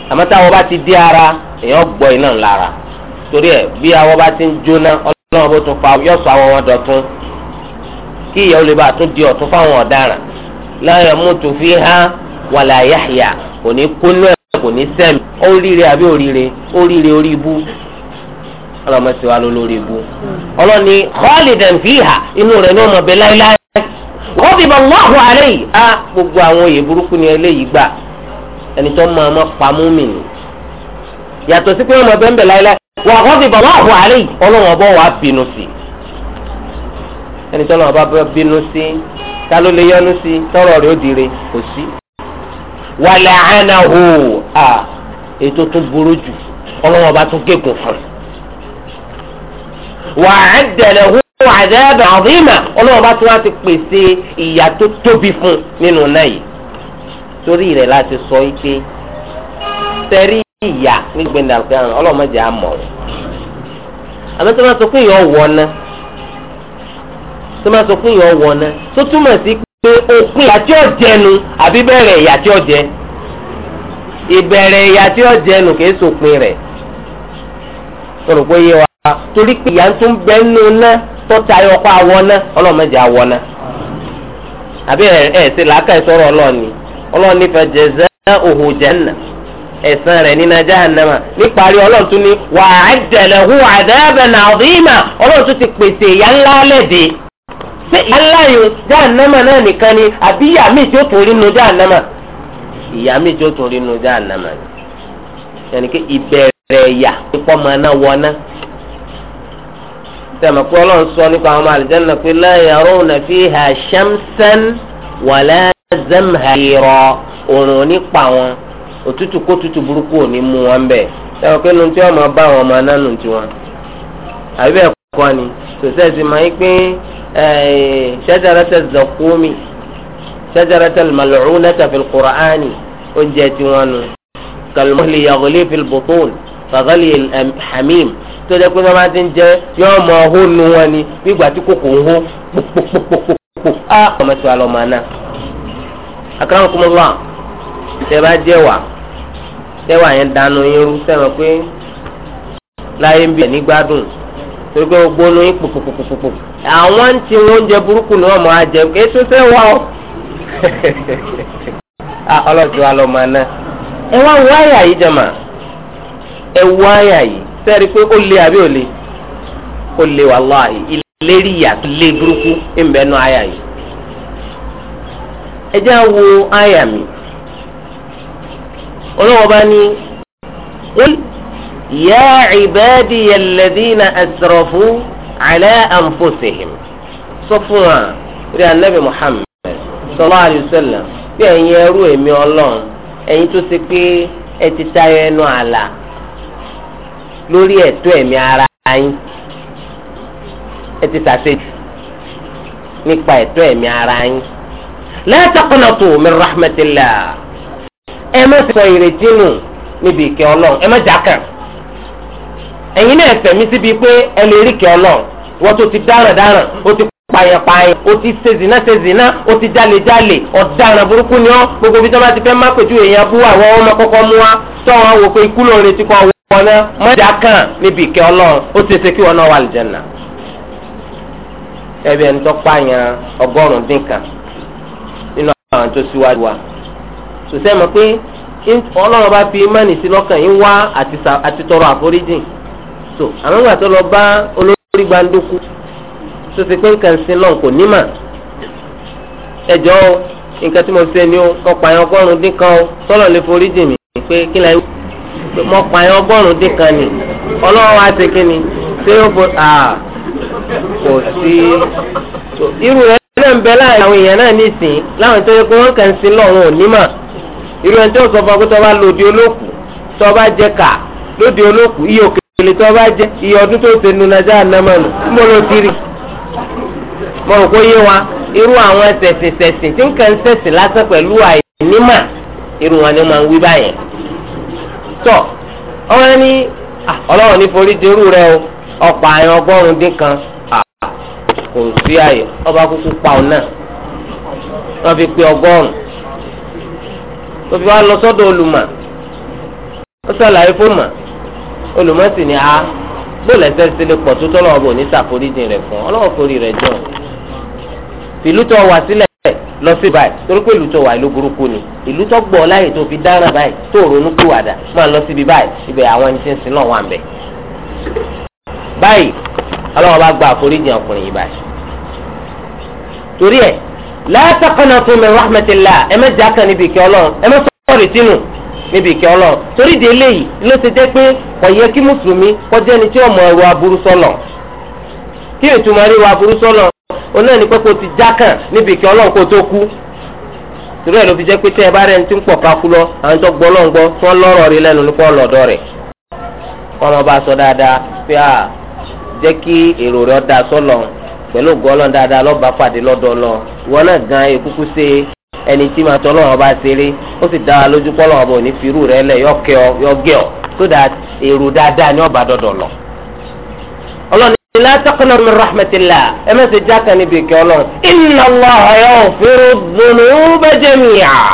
àmọ́ táwọn bá ti di ara èèyàn gbọ́ iná ńlára torí ẹ bí awọ bá ti ń jóná ọlọ́run bó tún fa yọ sọ àwọn wọn dọ̀tun kí ìyà ó lè bá tún di ọ̀tun fáwọn ọ̀daràn la yamutu fiha wala yahya kò ní kúnú ẹ̀ kò ní sẹ́mi oríire àbí oríire oríire orí ibú ọlọ́mọsí wa ló lórí ibú ọlọ́ni khalidan fiha inú rẹ̀ ní ọmọbẹ láéláé wọ́n fi bọ̀ wọ́n hù àárẹ̀ yìí gbogbo àwọn òye burúkú ni eléyìí gbà ẹni tó máa ma pa mi nìyí yàtọ̀ sí pé wọn lọ bẹ́ẹ̀ bẹ́ẹ̀ láéláé wà á kọ́bí bàbá àwọn àlẹ́ yìí ọlọ́wọ́n bọ́ wàá bínú sí ẹni tí ọlọ́wọ́n bá bínú sí ta ló lè yọnu sí tọrọ rẹ ó dire kò sí. wàlẹ̀ ànáhù à ètò tó burú jù ọlọ́wọ́n bá tún gégùn fún un. wà á dẹ̀lẹ̀ hu àdẹ́bẹ̀ ọ̀dìmà ọlọ́wọ́n bá tún wá ti pèsè ìyà tó tóbi fún nínú náà yìí torí rẹ̀ láti sọ yìí pé tẹ̀rí ìyá ní gbẹ̀ndà àlùkìyàmọ̀ ọlọ́mọdé àmọ̀ àmọ́ tó máa sọ pé ìyá ọ̀wọ́ ná tó máa sọ pé ìyá ọ̀wọ́ ná tó túmọ̀ sí pé òpin ìyá tí ó jẹnu àbí bẹ̀rẹ̀ ìyá tí ó jẹ ìbẹ̀rẹ̀ ìyá tí ó jẹnu kìí sòpin rẹ̀ tó rò pé yé wa torí pé ìyá tó ń bẹ nínú ná tó tayọ ọkọ àwọ ná ọlọ́mọdé àwọ ná àbí ẹ̀ ẹ̀ ṣe làákà ìsọ̀rọ̀ ọlọ́ọ̀ni ọlọ́ọ̀ni fẹ́ jẹ ẹ̀san rẹ̀ nínú jahannama níparí ọlọ́run tún ní wa a'adda lahu 'adaban 'azima ọlọ́run tún ti pèsè ìyà ńlá lẹ́dẹ̀ ṣé ìyà ńlá yìí jahannama náà nìkan ni àbí ìyà míì tí ó tún rí nu jahannama ìyà míì tí ó tún rí nu jahannama ni yẹnni pé ìbẹ̀rẹ̀ ẹ̀yà pípọ́ máa ná wọná sẹ́mi pé ọlọ́run sọ nípa àwọn ọmọ pé òtútù kó tútù burúkú ò ní mú wọn bẹ́ẹ̀ sẹ́wọ́n pé nu tí wọ́n máa bá àwọn ọmọ anánu tiwọn àbí bẹ́ẹ̀ kọ́ ni sòsẹ́ ti máa ń pín ṣẹ́jàrẹ́tẹ̀ zọ̀kúmi ṣẹ́jàrẹ́tẹ̀ mal'unata fil Qur'ani oúnjẹ tiwọn nu kàlùmọ́lì yàgòlè fil butun fàgọ́lì hamim tó jẹ́ pé wọ́n ti ń jẹ́ yọ́ mọ ọ̀hún wọn ni nígbà tí kòkò ń hó kpokpokpokpokpo a ọmọ tí wàá lọ́ máa ná. akérè tẹ́ jẹwa jẹ́wà jẹ́wà yẹn dànù yín rú sẹ́wọ̀n pé láyé ń bẹ̀ ní gbádùn torí pé gbogbo nu yín pòpòpòpòpò àwọn ń ti oúnjẹ burúkú ni wọ́n mọ̀ á jẹ kí tó o ọlọ́dún alọ́mọ náà ẹ wá wọ àyà yìí jẹ̀mà ẹ wọ àyà yìí sẹ́ẹ̀rí pé ó le àbí ò le ó le wàláhì ìlérí lé burúkú olówó bá ní qul ya ibadiya alladhina asrafu ala anfusihim sọ fún wa rí anabi muhammed sallallahu alayhi wa sallam bí ẹ̀yin ẹrú èmi ọlọ́run ẹ̀yin tó ṣe pé ẹ ti tayọ ẹnu àlà lórí ẹ̀tọ́ ẹ̀mí ara yín ẹ ti ṣàṣejù nípa ẹ̀tọ́ ẹ̀mí ara yín la taqnatu min rahmatillah. ẹ sọ ìrètí nù níbi ìkẹ́ ọlọ́run ẹ má jákàn ẹ̀yin náà fẹ̀mí síbi pé ẹ lè rí ìkẹ́ ọlọ́run wọ́n tó ti dáràn dáràn ó ti payanpayan ó ti ṣe zina ó ti jalè jalè ọ̀daràn burúkú ni gbogbo bí ti fẹ má èèyàn bú àwọn ọmọ wa wò pé ikú ló ń retí wọn sòsẹ́ mọ̀ pé ọlọ́run bá fi imáni sí lọ́kàn yín wá àti tọrọ àforíjì so àwọn ìgbà tó lọ bá olórí gbandoku tó ti pé nǹkan sin náà kò ní mà ẹjọ́ nǹkan tí mo ṣe ni o mo pààyàn ọgọ́rùn-ún dín kan o lè foríjì mi pé kí ni mo pààyàn ọgọ́rùn-ún dín kan ni ọlọ́run wa ti kí ni ṣé ó bo kò sí irú rẹ̀ náà ń bẹ láàrin àwọn èèyàn náà nísìnyí láwọn tó yẹ pé wọ́n kàn sin lọ́run ò ní mà irú ẹni tó sọ fún ọ pé tó bá lo òdi olóòkú tó bá jẹ ká lóde olóòkú iye òkèlè tó bá jẹ iye ọdún tó ṣe nu nàjà nàmọnù mo ló ti rí mo rò pé yé wa irú àwọn ẹsẹ̀sìn sẹ̀sìn tí ń kàn sẹ̀sìn lásán pẹ̀lú àìnímà irú wọn ni máa ń wí báyẹn tọ ọmọ ẹni ọlọ́run ní forí derú rẹ o ọ̀pọ̀ àyàn ọgọ́rùn dín kan kò sí àyè ọba kúkú pa ọ náà wọ́n fi pé ọgọ́rùn tóbi wá lọ sọ́dọ̀ olùmọ̀ ó sàlàyé fóònù olùmọ̀ sì ní a ah, bóòlù ẹsẹ̀ ṣe lè pọ̀ tó tọ́lọ̀ ọ̀bọ̀ ní sàforíjì rẹ̀ fún ọlọ́wọ́ forí rẹ̀ jọ ìlú tó wà sílẹ̀ lọ sí báyìí torí pé ìlú tó wà ìlú burúkú ni ìlú tó gbọ́ láyè tó fi dára báyìí tó ronú kúwàdà máa lọ síbi báyìí ibẹ̀ àwọn ẹni tí ń sin náà wà ń bẹ̀. báyìí ọlọ́wọ́ bá gba àforíjì ọkùnrin yìí báyìí torí ẹ̀ la taqnatu min rahmatillah ẹ mẹ́jà kan níbi ìkẹ́ ọlọ́run ẹ mẹ́sọ̀ ọ̀rẹ́ sínú níbi ìkẹ́ ọlọ́run torí de eléyìí ló ti jẹ́ pé kò yẹ kí mùsùlùmí kọjá ẹni tí ó mọ ẹrù aburú sọ́lọ̀ kí ìtumọ̀ rí wa burú sọ́lọ̀ onáà ní pẹ́pẹ́ ti já kàn níbi ìkẹ́ ọlọ́run kó tó kú torí ẹ̀ ló fi jẹ́ pé tẹ́ ẹ bá rẹ̀ ń tún pọ̀ kakú lọ àwọn tó gbọ́ lọ́n gbọ́ tí lọ́rọ̀ rí lẹ́nu nípa ọlọ́dọ̀ rẹ̀ wọ́n bá sọ dáadáa pé à jẹ́ kí èrò rẹ̀ ọ́ pẹ̀lú gọ́lọ́n dáadáa lọ́ba pàdé lọ́dọ̀ lọ wọn náà gan ekuku ṣe ẹni tí màá tọ́ lọ́wọ́ bá ṣeré ó sì dá wa lójú pọ́ lọ́wọ́ bò ní firú rẹ lẹ̀ yọ kẹ́ ọ yọ gẹ́ ọ so that èrò dáadáa ní ọba dọ̀dọ̀ lọ. ọlọ́ni ilá taqna min rahmatillah ẹ mẹ́sẹ̀ jákàn níbi ìkẹ́ ọlọ́run inna Allaha yaghfiru dhunuba jami'a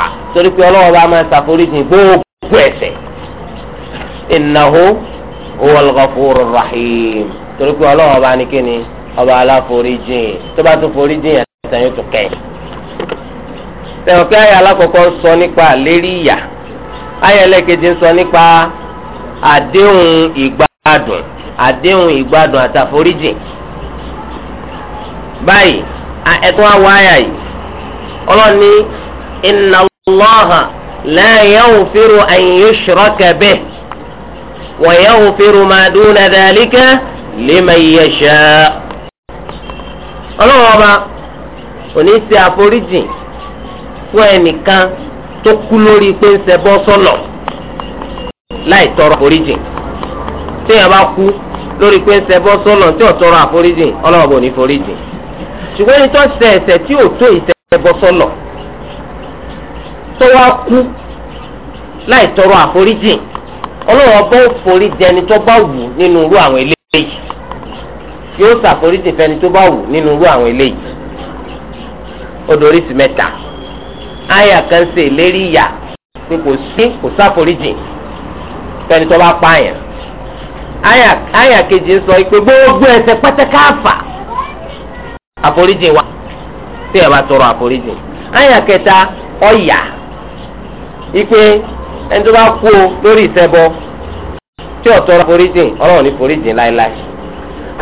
ọba aláforíjìn tó bá tún foríjìn yẹn lẹ́sẹ̀ yóò tún kẹ́yìn. sẹ̀wọ̀n pé ayé alákọ̀ọ́kọ́ sọ nípa lérí ìyà ayé ẹlẹ́kejì ń sọ nípa àdéhùn ìgbádùn àdéhùn ìgbádùn àtàforíjìn. báyìí ẹ̀tún àwọ̀ ayà yìí ọlọ́ni inna Allaha la yaghfiru an yushraka bihi wa yaghfiru ma duna dhalika liman yasha' ọlọ́run ọba kò ní í ṣe àforíjìn fún ẹnìkan tó kú lórí pé ń ṣẹbọ sọ́nà láì tọrọ àforíjìn téèyàn bá kú lórí pé ń ṣẹbọ sọ́nà tí ò tọrọ àforíjìn ọlọ́run ọba ò ní foríjìn ṣùgbọ́n ẹni tó ṣe ẹ̀ṣẹ̀ tí ò tó ìṣẹbọ sọ́nà tó wá kú láì tọrọ àforíjìn ọlọ́run ọba ò forí jẹni tó bá wù nínú irú àwọn eléyìí yóò ṣàforíjì fẹ́ni tó bá wù nínú irú àwọn eléyìí odorísì àyà kan ṣe ìlérí ìyà pé kò sí kò ṣàforíjì fẹ́ni tó àyà kejì ń sọ gbogbo eze pátákáfà àforíjì wà tí ẹ bá tọrọ àforíjì àyà kẹta ipe ẹni tó bá kú o lórí ìṣẹbọ tí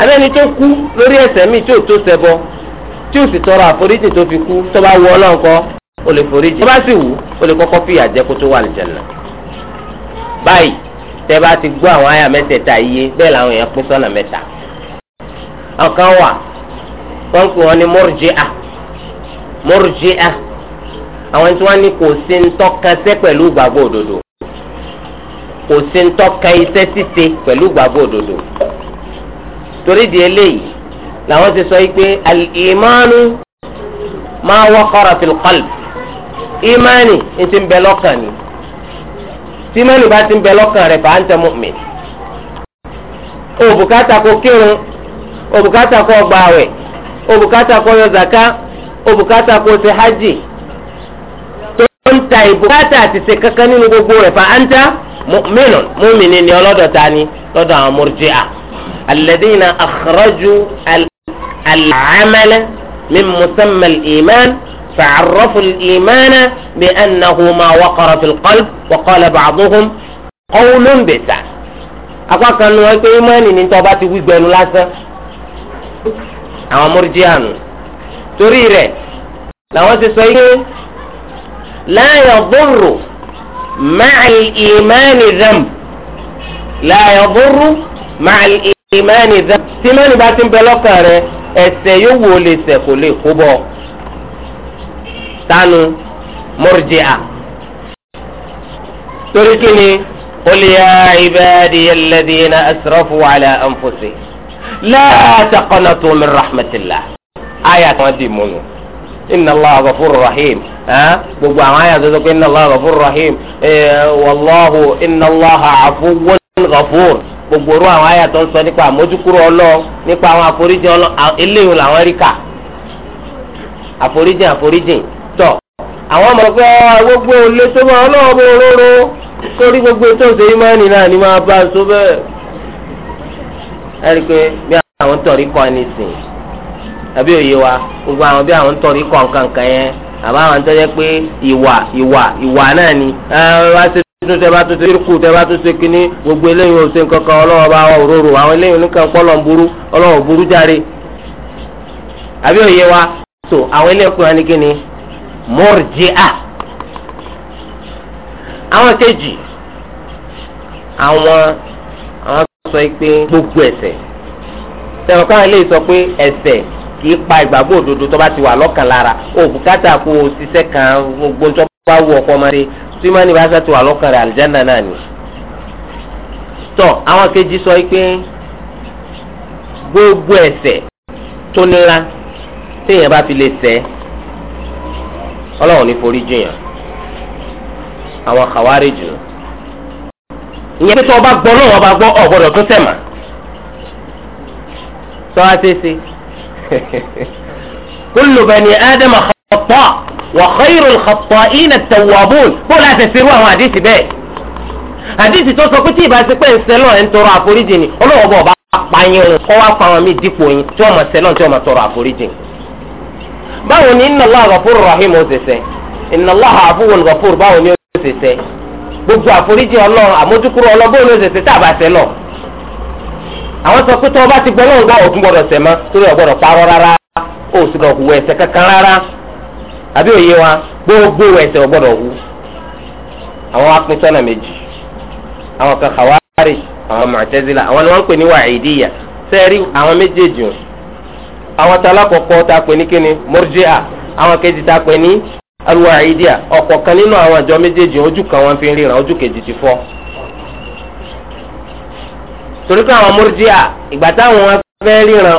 abẹ́ni tó kú lórí ẹ̀ṣẹ̀ mi tí ò tó ṣẹbọ tí ò sì tọrọ àforíjì tó fi kú tó bá wọ ọlọ́run kọ́ ó lè foríjì tó bá sì wù o lè kọ́kọ́ fìyà jẹ kó tó wà lìjẹ̀nà. báyìí tẹ́ bá ti gbọ́ àwọn àyà mẹ́tẹ̀ẹ̀ta iye bẹ́ẹ̀ làwọn èèyàn pín sọ́nà mẹ́ta. ọ̀kan wà pọ́ńpù wọn ni mọ́rùjíà mọ́rùjíà àwọn tí wọ́n ní kò sí ń tọ́kasẹ́ pẹ̀lú ìgbàgbọ́ òdodo kò sí ń tọ́ka iṣẹ́ ṣíṣe pẹ̀lú ìgbàgbọ́ òdodo torí di eléyìí làwọn ti sọ pé al-imanu ma waqara fil qalb imani ti ń bẹ lọ́kàn ni tí imani bá ti ń bẹ lọ́kàn rẹ̀ fa anta mu'min òbùkátà kó kírun òbùkátà kó gbààwẹ̀ òbùkátà kó yọ zaka òbùkátà kó ṣe hajj tó ń ta ìbùkátà àti ṣe kankan nínú gbogbo rẹ̀ fa anta mu'minun mu'mini ni ọlọ́dọ̀ ni lọ́dọ̀ àwọn murji'a. الذين أخرجوا العمل من مسمى الإيمان فعرفوا الإيمان بأنه ما وقر في القلب وقال بعضهم قول بيتا أقاك أنه هيك إيماني من توبات ويبين لاسا أو مرجيان تريره لو تسويه لا يضر مع الإيمان ذنب لا يضر مع الإيمان ìmánì dá tìmánì bá ti ń bẹ lọ́kàn rẹ ẹ̀ṣẹ̀ yóò wò lè ṣẹ̀ kò lè kó bọ̀ tánu mọ́rìjìá torí kí ni olùyà ìbáàdì alladhina asrafu ala anfusi la taqnatu min rahmatillah àyà kan dì múnu inna allah ghafurur rahim gbogbo àwọn àyà tó sọ pé inna allah ghafurur rahim wallahu inna allah afuwwun ghafur. gbogbo orú àwọn àyà tó ń sọ nípa àmójúkúrò ọlọ nípa àwọn àforíjìn ọlọ eléyìí làwọn rí kà àforíjìn àforíjìn tọ àwọn ọmọ pé ah, gbogbo olè tó máa ọlọ́wọ́ bó róró sórí gbogbo tó ń ṣe ìmọ̀ọ́nì náà ni máa bá a so bẹ́ẹ̀. ẹ rí i pé bí àwọn tọ̀rí kan ní sìn àbí òye wa gbogbo àwọn bí àwọn tọ̀rí kan kankan yẹn àbá tó yẹ pé ìwà ìwà ìwà náà ni nínú tẹ́ bá tó ṣe kú tẹ́ bá tó ṣe kínní gbogbo eléyìí ò ṣe nǹkan kan ọlọ́wọ́ bá wà òróró àwọn eléyìí nìkan pọ́ lọ́n burú ọlọ́wọ́ burú járe àbí òye wa so àwọn eléyìí pè wọ́n ní kínní mọ́rìjíà àwọn kejì àwọn àwọn sọ pé gbogbo ẹ̀ṣẹ̀ sẹ̀wọ̀n káwọn eléyìí sọ pé ẹ̀ṣẹ̀ kì í pa ìgbàgbọ́ òdodo tó bá ti wà lọ́kàn lára òbúkátà kó ṣiṣẹ́ kan gbogbo tó bá wù ọkọ tí mani bá sá ti wà lọ́kàn rẹ̀ àlìjáná náà ni. tọ́ àwọn kejì sọ pé gbogbo ẹ̀ṣẹ̀ tó nira téèyàn bá fi lè ṣẹ̀ ọlọ́run ní forí jìyàn àwọn kàwárí jù ìyẹn pé tí gbọ́ lọ́wọ́ bá gbọ́ ọ̀gbọ́dọ̀ tó tẹ̀ mà sọ wá ṣeéṣe kullu bani ádámà ọ̀pọ̀ wa khairul khatta'in at-tawwabun bó láti ṣe irú àwọn àdìsí bẹ́ẹ̀ àdìsí tó sọ pé tí ìbá ṣe pé ìṣẹ́lọ̀ ẹ̀ ń tọrọ àforíjì ni ọlọ́wọ́ bọ̀ bá pa yín rìn kọ́ wá pa wọn mí dípò yín tí wọ́n mọ̀ ṣẹlọ̀ tí wọ́n mọ̀ tọrọ àforíjì. báwo ni inna Allaha ghafurur rahim ó ṣe ṣe inna Allaha afuwwun ghafur báwo ni ó ṣe ṣe gbogbo àwọn sọ pé tí wọ́n bá ti gbọ́ lóhùn gbọ́ òtún gbọ́dọ̀ ṣẹ̀ torí ọ̀gbọ́dọ̀ parọ́ rárá òsì àbí òye wa gbogbo ẹsẹ̀ ò gbọ́dọ̀ wú àwọn wa méjì àwọn kan kàwárì àwọn àwọn ni wọ́n ń pè ní wàhídìyà sẹ́ẹ̀rí àwọn méjèèjì o àwọn tá tá pè ní kíni mọ́rjíà àwọn kejì tá pè ní alùwàhídìyà ọ̀kọ̀ọ̀kan nínú àwọn àjọ méjèèjì ojú kan wọn fi ń ríran ojú kejì ti fọ́ torí pé àwọn ìgbà táwọn wọn fẹ́ ríran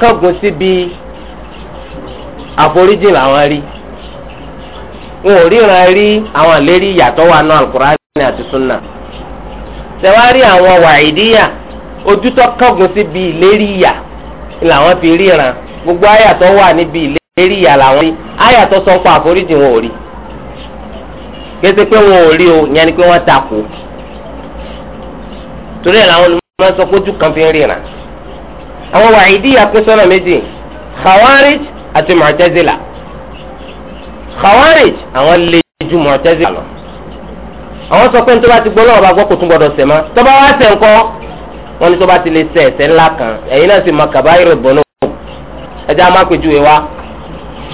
kángun síbi àforíjì làwọn rí. n ò ríran rí àwọn àlérí ìyàtọ̀ wà nù alukur'ani àti sunna sẹwárí àwọn wàhídíyà ojútọ́ kángun sí bi ìlérí ìyà làwọn fi ríran gbogbo àyàtọ̀ wà níbi ìlérí ìyà làwọn rí àyàtọ̀ sọ pé àforíjì wọn ò rí kété pé wọn ò rí o yẹn ni pé wọn takò torí ẹ̀ làwọn olùmọ̀ sọ pé ojú kan fi ń ríran àwọn wàhídíyà pín sọ́nà méjì khawarij àti mu'tazila. Khawarij àwọn lè ju Mu'tazila lọ àwọn sọ pé nítorí àti gbọ́ lọ́wọ́ bá gbọ́ kó tún gbọ́dọ̀ sẹ̀ mọ́ tọ́ba wá sẹ̀ ńkọ́ wọ́n ní tó bá ti lè sẹ̀ ẹ̀ṣẹ̀ ńlá kan ẹ̀yin náà sì mọ kàbáyìrì bọ̀nù ẹja má pèjúwe wa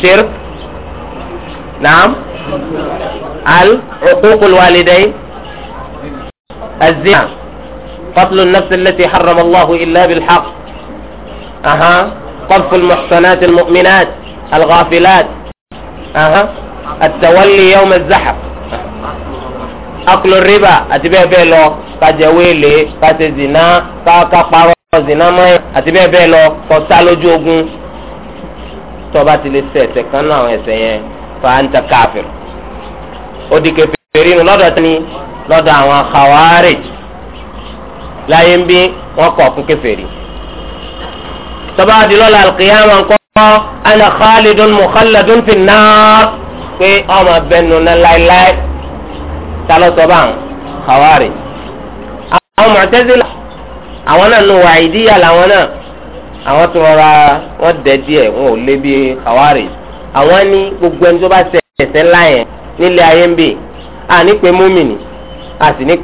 shirk naam al uququl walidayn az-zina qatlu an-nafs allati harrama Allahu illa bil haqq aha qadful àtàwálé yawma zahab akulu riba àti bẹ́ẹ̀ bẹ́ẹ̀ lọ kájẹ wéèlé káṣe zina káka parọ́ zina mọ́yìn àti bẹ́ẹ̀ bẹ́ẹ̀ lọ kọ́sá lójú ogun tọ́ba ti lè ṣe ẹ̀ṣẹ̀ kan náà àwọn ẹ̀ṣẹ̀ yẹn fa anta káfíìr ó di kèfèrí nu lọ́dọ̀ tani lọ́dọ̀ àwọn khawarij láyé ń bí wọ́n kọ̀ fún kèfèrí tọ́ba di lọ́la alqiyama ńkọ́ kọ́ ana khalidun mukhalladun fi nnar pé ọmọ abẹnú náà láéláé ta ló sọ báwọn kàwárì. àwọn Mu'tazila àwọn náà nù wàhídíyà làwọn náà àwọn tó rọra wọn dẹ díẹ̀ wọn ò lé bí kàwárì. àwọn ní gbogbo ẹni tó bá ṣe ẹ̀ṣẹ̀ ńlá yẹn nílé ayé ń bè à ní pé múmìnì à sì ní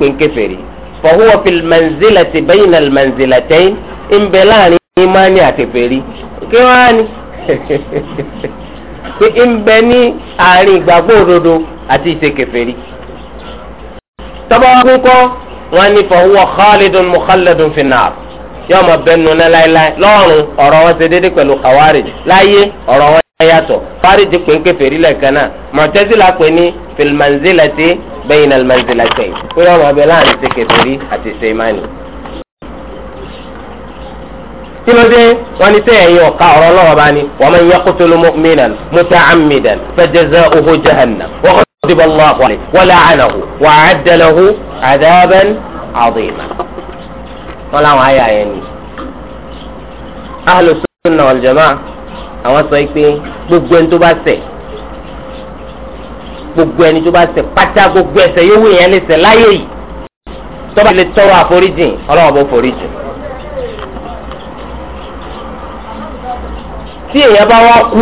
manzilati bayna al manzilatayn ń bẹ láàrin ìmánì àtẹ̀fẹ̀rí pé ń bẹ ní àárín ìgbàgbọ́ òdodo àti ìṣe kèfèrí tọ́ba kúkọ́ wọn ní fọwọ́ khalidun mukhalladun finnar yóò mọ bẹ́ẹ̀ nuna láéláé lọ́rùn ọ̀rọ̀ wọn ṣe déédéé pẹ̀lú khawarij láyé ọ̀rọ̀ wọn yàtọ̀ khawarij pé ń kèfèrí lẹ́ẹ̀kan náà mọ̀tẹ́sílà pé ní fil manzilati bayna al manzilatayn pé yóò mọ láàrin ṣe àti ṣe kí ló dé wọn ní sẹ́yìn yìí ọ̀ka ọ̀rọ̀ lọ́wọ́ bá ní wa man yaqtul mu'minan muta'ammidan fajaza'uhu jahannam wa ghadiba Allahu alayhi wa la'anahu wa a'adda lahu 'adaban 'azima. wọn làwọn àyà yẹn ni. ahlu sunna wal jama'a àwọn sọ pé gbogbo ẹni tó bá ṣẹ̀ gbogbo ẹni tó bá ṣẹ̀ pátá gbogbo ẹ̀ṣẹ̀ yóò wù yẹn lè láyé yìí tó lè tọrọ àforíjìn Ọlọ́run bó foríjìn. tí èèyàn bá wá kú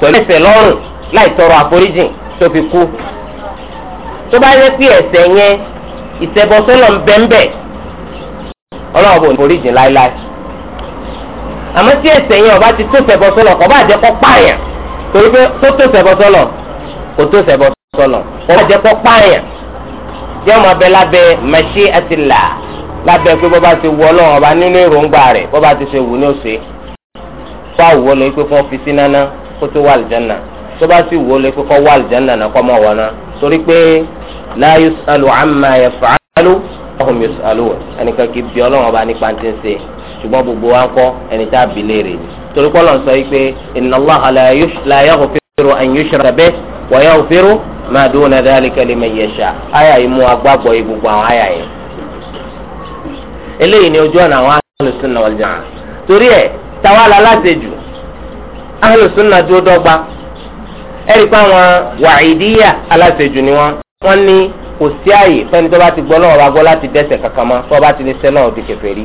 pẹ̀lú ẹ̀ṣẹ̀ lọ́rùn láì tọrọ àforíjìn tó fi kú tó bá yẹ pé ẹ̀ṣẹ̀ yẹn ìṣẹbọsọlọ ń bẹ́ńbẹ́ ọlọ́run bò ní àforíjìn láéláé àmọ́ tí ẹ̀ṣẹ̀ yẹn ọba ti tó ṣẹbọsọlọ kọ́ bá jẹ́ kó pààyàn torí pé tó tó ṣẹbọsọlọ kò tó ṣẹbọsọlọ kọ́ bá jẹ́ kó pààyàn jẹ́ ọmọ abẹ lábẹ́ mashi'atillah lábẹ́ pé bọ́ba ti wọ ọlọ́run ọba nínú èròǹgbà rẹ̀ bọ́ba ti ṣe wù ní òṣè tó àwọ̀ lọ pé kó fi sí nana kó tó wà àlùjáná tó bá sì wọ̀ lọ pé kó wà àlùjáná náà kó mọ̀ wọ̀ náà torí pé la yus'alu amma yaf'alu ọ̀hún yus'alu ẹnìkan kì í bí ọlọ́run ọba nípa ti ń ṣe ṣùgbọ́n gbogbo wa ń kọ́ ẹni tá a bí léèrè torí pé ọlọ́run sọ pé inna Allaha la yaghfiru an yushraka bihi wa yaghfiru ma duna dhalika liman yasha àyà yìí mú agbábọ̀ yìí gbogbo àwọn àyà yìí eléyìí ni ojú ọ̀nà àwọn ahlus sunnah wal torí ẹ̀ tawala la láṣejù ahlu sunna dúró dọ́gba ẹ̀rí pé àwọn wàhídíyà aláṣejù ni wọ́n wọ́n ní kò sí àyè fẹ́ni tó bá ti gbọ́ lọ́wọ́ bá gbọ́ láti dẹ́ṣẹ̀ kankan mọ́ tó bá ti lè sẹ́ náà di kèfèrí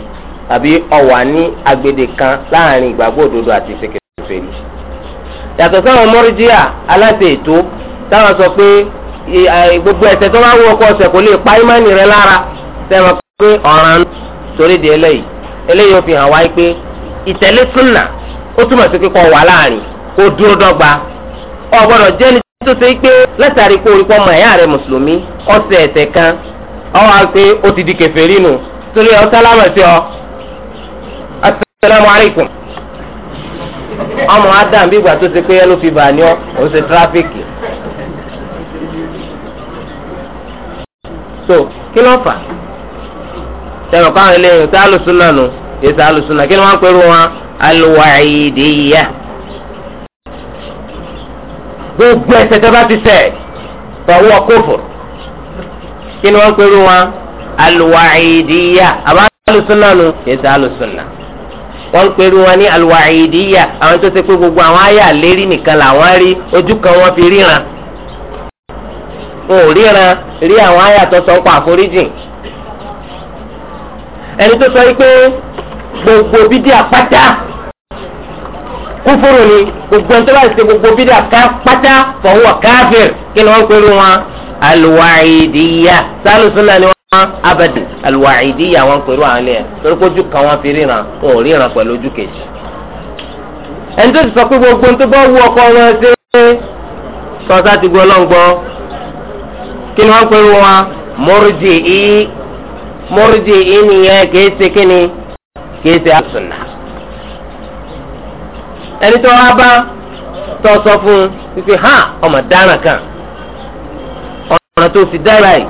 àbí ọ̀wà ní agbede kan láàrin ìgbàgbọ́ òdodo àti ìṣèkè kèfèrí. yàtọ̀ sáwọn mọ́rídíà aláṣẹ ètò táwọn sọ pé gbogbo ẹ̀ṣẹ̀ tó bá wú ọkọ ọ̀sẹ̀ kò lè pa ìmánì rẹ lára sẹ́wọ̀n pé ọ̀ràn torí di eléyìí eléyìí ó fi hàn wáyé pé ìtẹ̀lé súnà ó túmọ̀ sí kíkọ́ wà láàrin kó dúró dọ́gba o gbọ́dọ̀ jẹ́ni tó ṣe pé látàrí kó orí pọ́ ọmọ ẹ̀yà rẹ mùsùlùmí ọ̀sẹ̀ ẹ̀sẹ̀ kan ọwọ́ àgbẹ̀ ó ti di kèfèrí nù torí ọ sálámà sí ọ asalaamu aleykum ọmọ adam bí ìgbà tó ṣe pé ẹnu fi bà ní ọ òun ṣe tírafíkì so kí ló fà sẹ́wọ̀n káwọn eléyìí tá a lò sún náà nù yẹsẹ alùsùnà kí ni wọn pẹ̀lú wọn alùwàìdìyà gbogbo ẹ̀ṣẹ̀ tẹ́ bá ti ṣẹ̀ fọwọ́ kófò kí ni wọn pẹ̀lú wọn alùwàìdìyà àbá alùsùnà nu yẹsẹ alùsùnà wọn pẹ̀lú wọn ní alùwàìdìyà àwọn tó ṣe pé gbogbo àwọn àyà lérí nìkan làwọn rí ojú kan wọn fi ríran wọn ò ríran rí àwọn àyà tó pa àforíjì ẹni tó sọ yìí pé gbogbo bídí àpáta kúfúrú ni gbogbo ń tọ́lá ṣe gbogbo bídí àpáta fọwọ́ káfíìr kí ni wọ́n pẹ̀lú wọn alùwàìdìyà sálùsùnà ni wọn abẹ́dì alùwàìdìyà wọn pẹ̀lú àwọn ilé ẹ̀ torí pé ojú kan wọn fi ríran wọn ò ríran pẹ̀lú ojú kejì. ẹni tó ti sọ pé gbogbo tó bá wú ọkọ wọn ṣe é sọ́sá ti gbọ́ lọ́ngbọ́ kí ni wọ́n pẹ̀lú wọn mọ́rùjì í mọ́rùjì í nìyẹn kìí ṣe kí ni. kìí ṣe àsùnà ẹni tó wá bá tó sọ fún fífi hàn ọmọ dáràn kan ọ̀nà tó fi dára yìí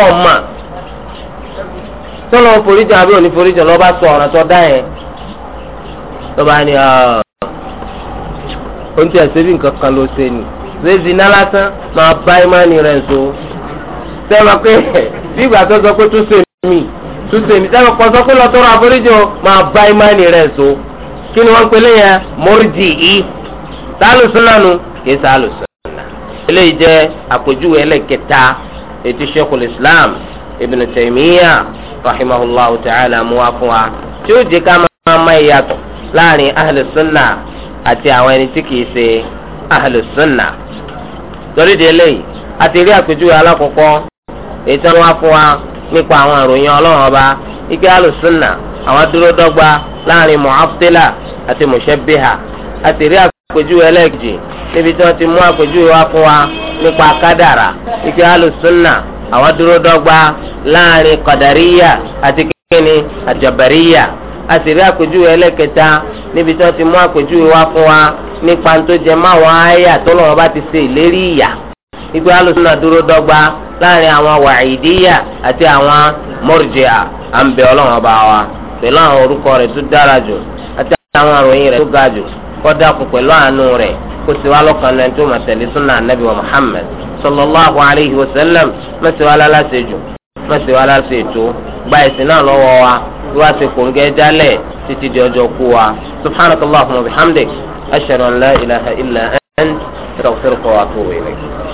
ọ̀ma tọ́lọ́ foríjọ àbí òní foríjọ lọ́ba sọ ọ̀nà tó dá yẹn lọ́ba ni ah, ó ń tẹ̀ sẹ́bí nǹkan kan ló ṣe ni lẹ́sìn iná lásán máa bá ìmánì rẹ̀ ń so sẹ́wọ̀n pé bí ìgbà tó sọ pé tó ṣe mí. túnṣe mi sẹ́wọ̀n kọ́ sọ pé lọ tọrọ àforíjì o máa bá ìmánì rẹ̀ so kí ni wọ́n ń pele yẹn mọ́rìjì yìí sálùsùn náà nu kì í sálùsùn. eléyìí jẹ́ àpèjúwe ẹlẹ́kẹta ètò Sheikhul Islam Ibn Taymiyyah rahimahullahu ta'ala mú wa fún wa tí ó jẹ́ ká máa má ìyàtọ̀ láàrin ahlus sunnah àti àwọn ẹni tí kìí ṣe ahlus sunnah. torí di eléyìí àti rí àpèjúwe alákọ̀ọ́kọ́ ètò wọn fún nípa àwọn àròyìn ọlọ́run ọba ike alùsùnà àwọn dúró dọ́gba láàrin mu'attila àti mushabbiha àti rí àpèjúwe ẹlẹ́gìjì níbi tí wọ́n ti mú àpèjúwe wá fún wa nípa kádàrà ike alùsùnà àwọn dúró dọ́gba láàrin kọ̀dàríyà àti kíni àti rí àpèjúwe ẹlẹ́kẹta níbi tí wọ́n ti mú àpèjúwe wá fún wa nípa máwọn àyà tó lọ́wọ́ bá ti ṣe ike alùsùnà dúró dọ́gba láàrin àwọn wàhídíyà àti àwọn mọ́rìjìà à ń bẹ ọlọ́run ọba wa pẹ̀lú àwọn orúkọ rẹ̀ tó dára jù àti àwọn àròyìn rẹ̀ tó ga jù kó dákun pẹ̀lú àánú rẹ̀ kó sì wá lọ́kàn lẹ́ni tó máa tẹ̀lé súnà anábì wa muhammed sallallahu alayhi wa sallam mẹ́sì wa lálásì jù mẹ́sì wa lálásì tó gba ẹ̀sìn náà lọ́wọ́ wa wíwá sí kòńgẹ́ jálẹ̀ títí di ọjọ́ kú wa subhanakallahumma wa bihamdik wa atubu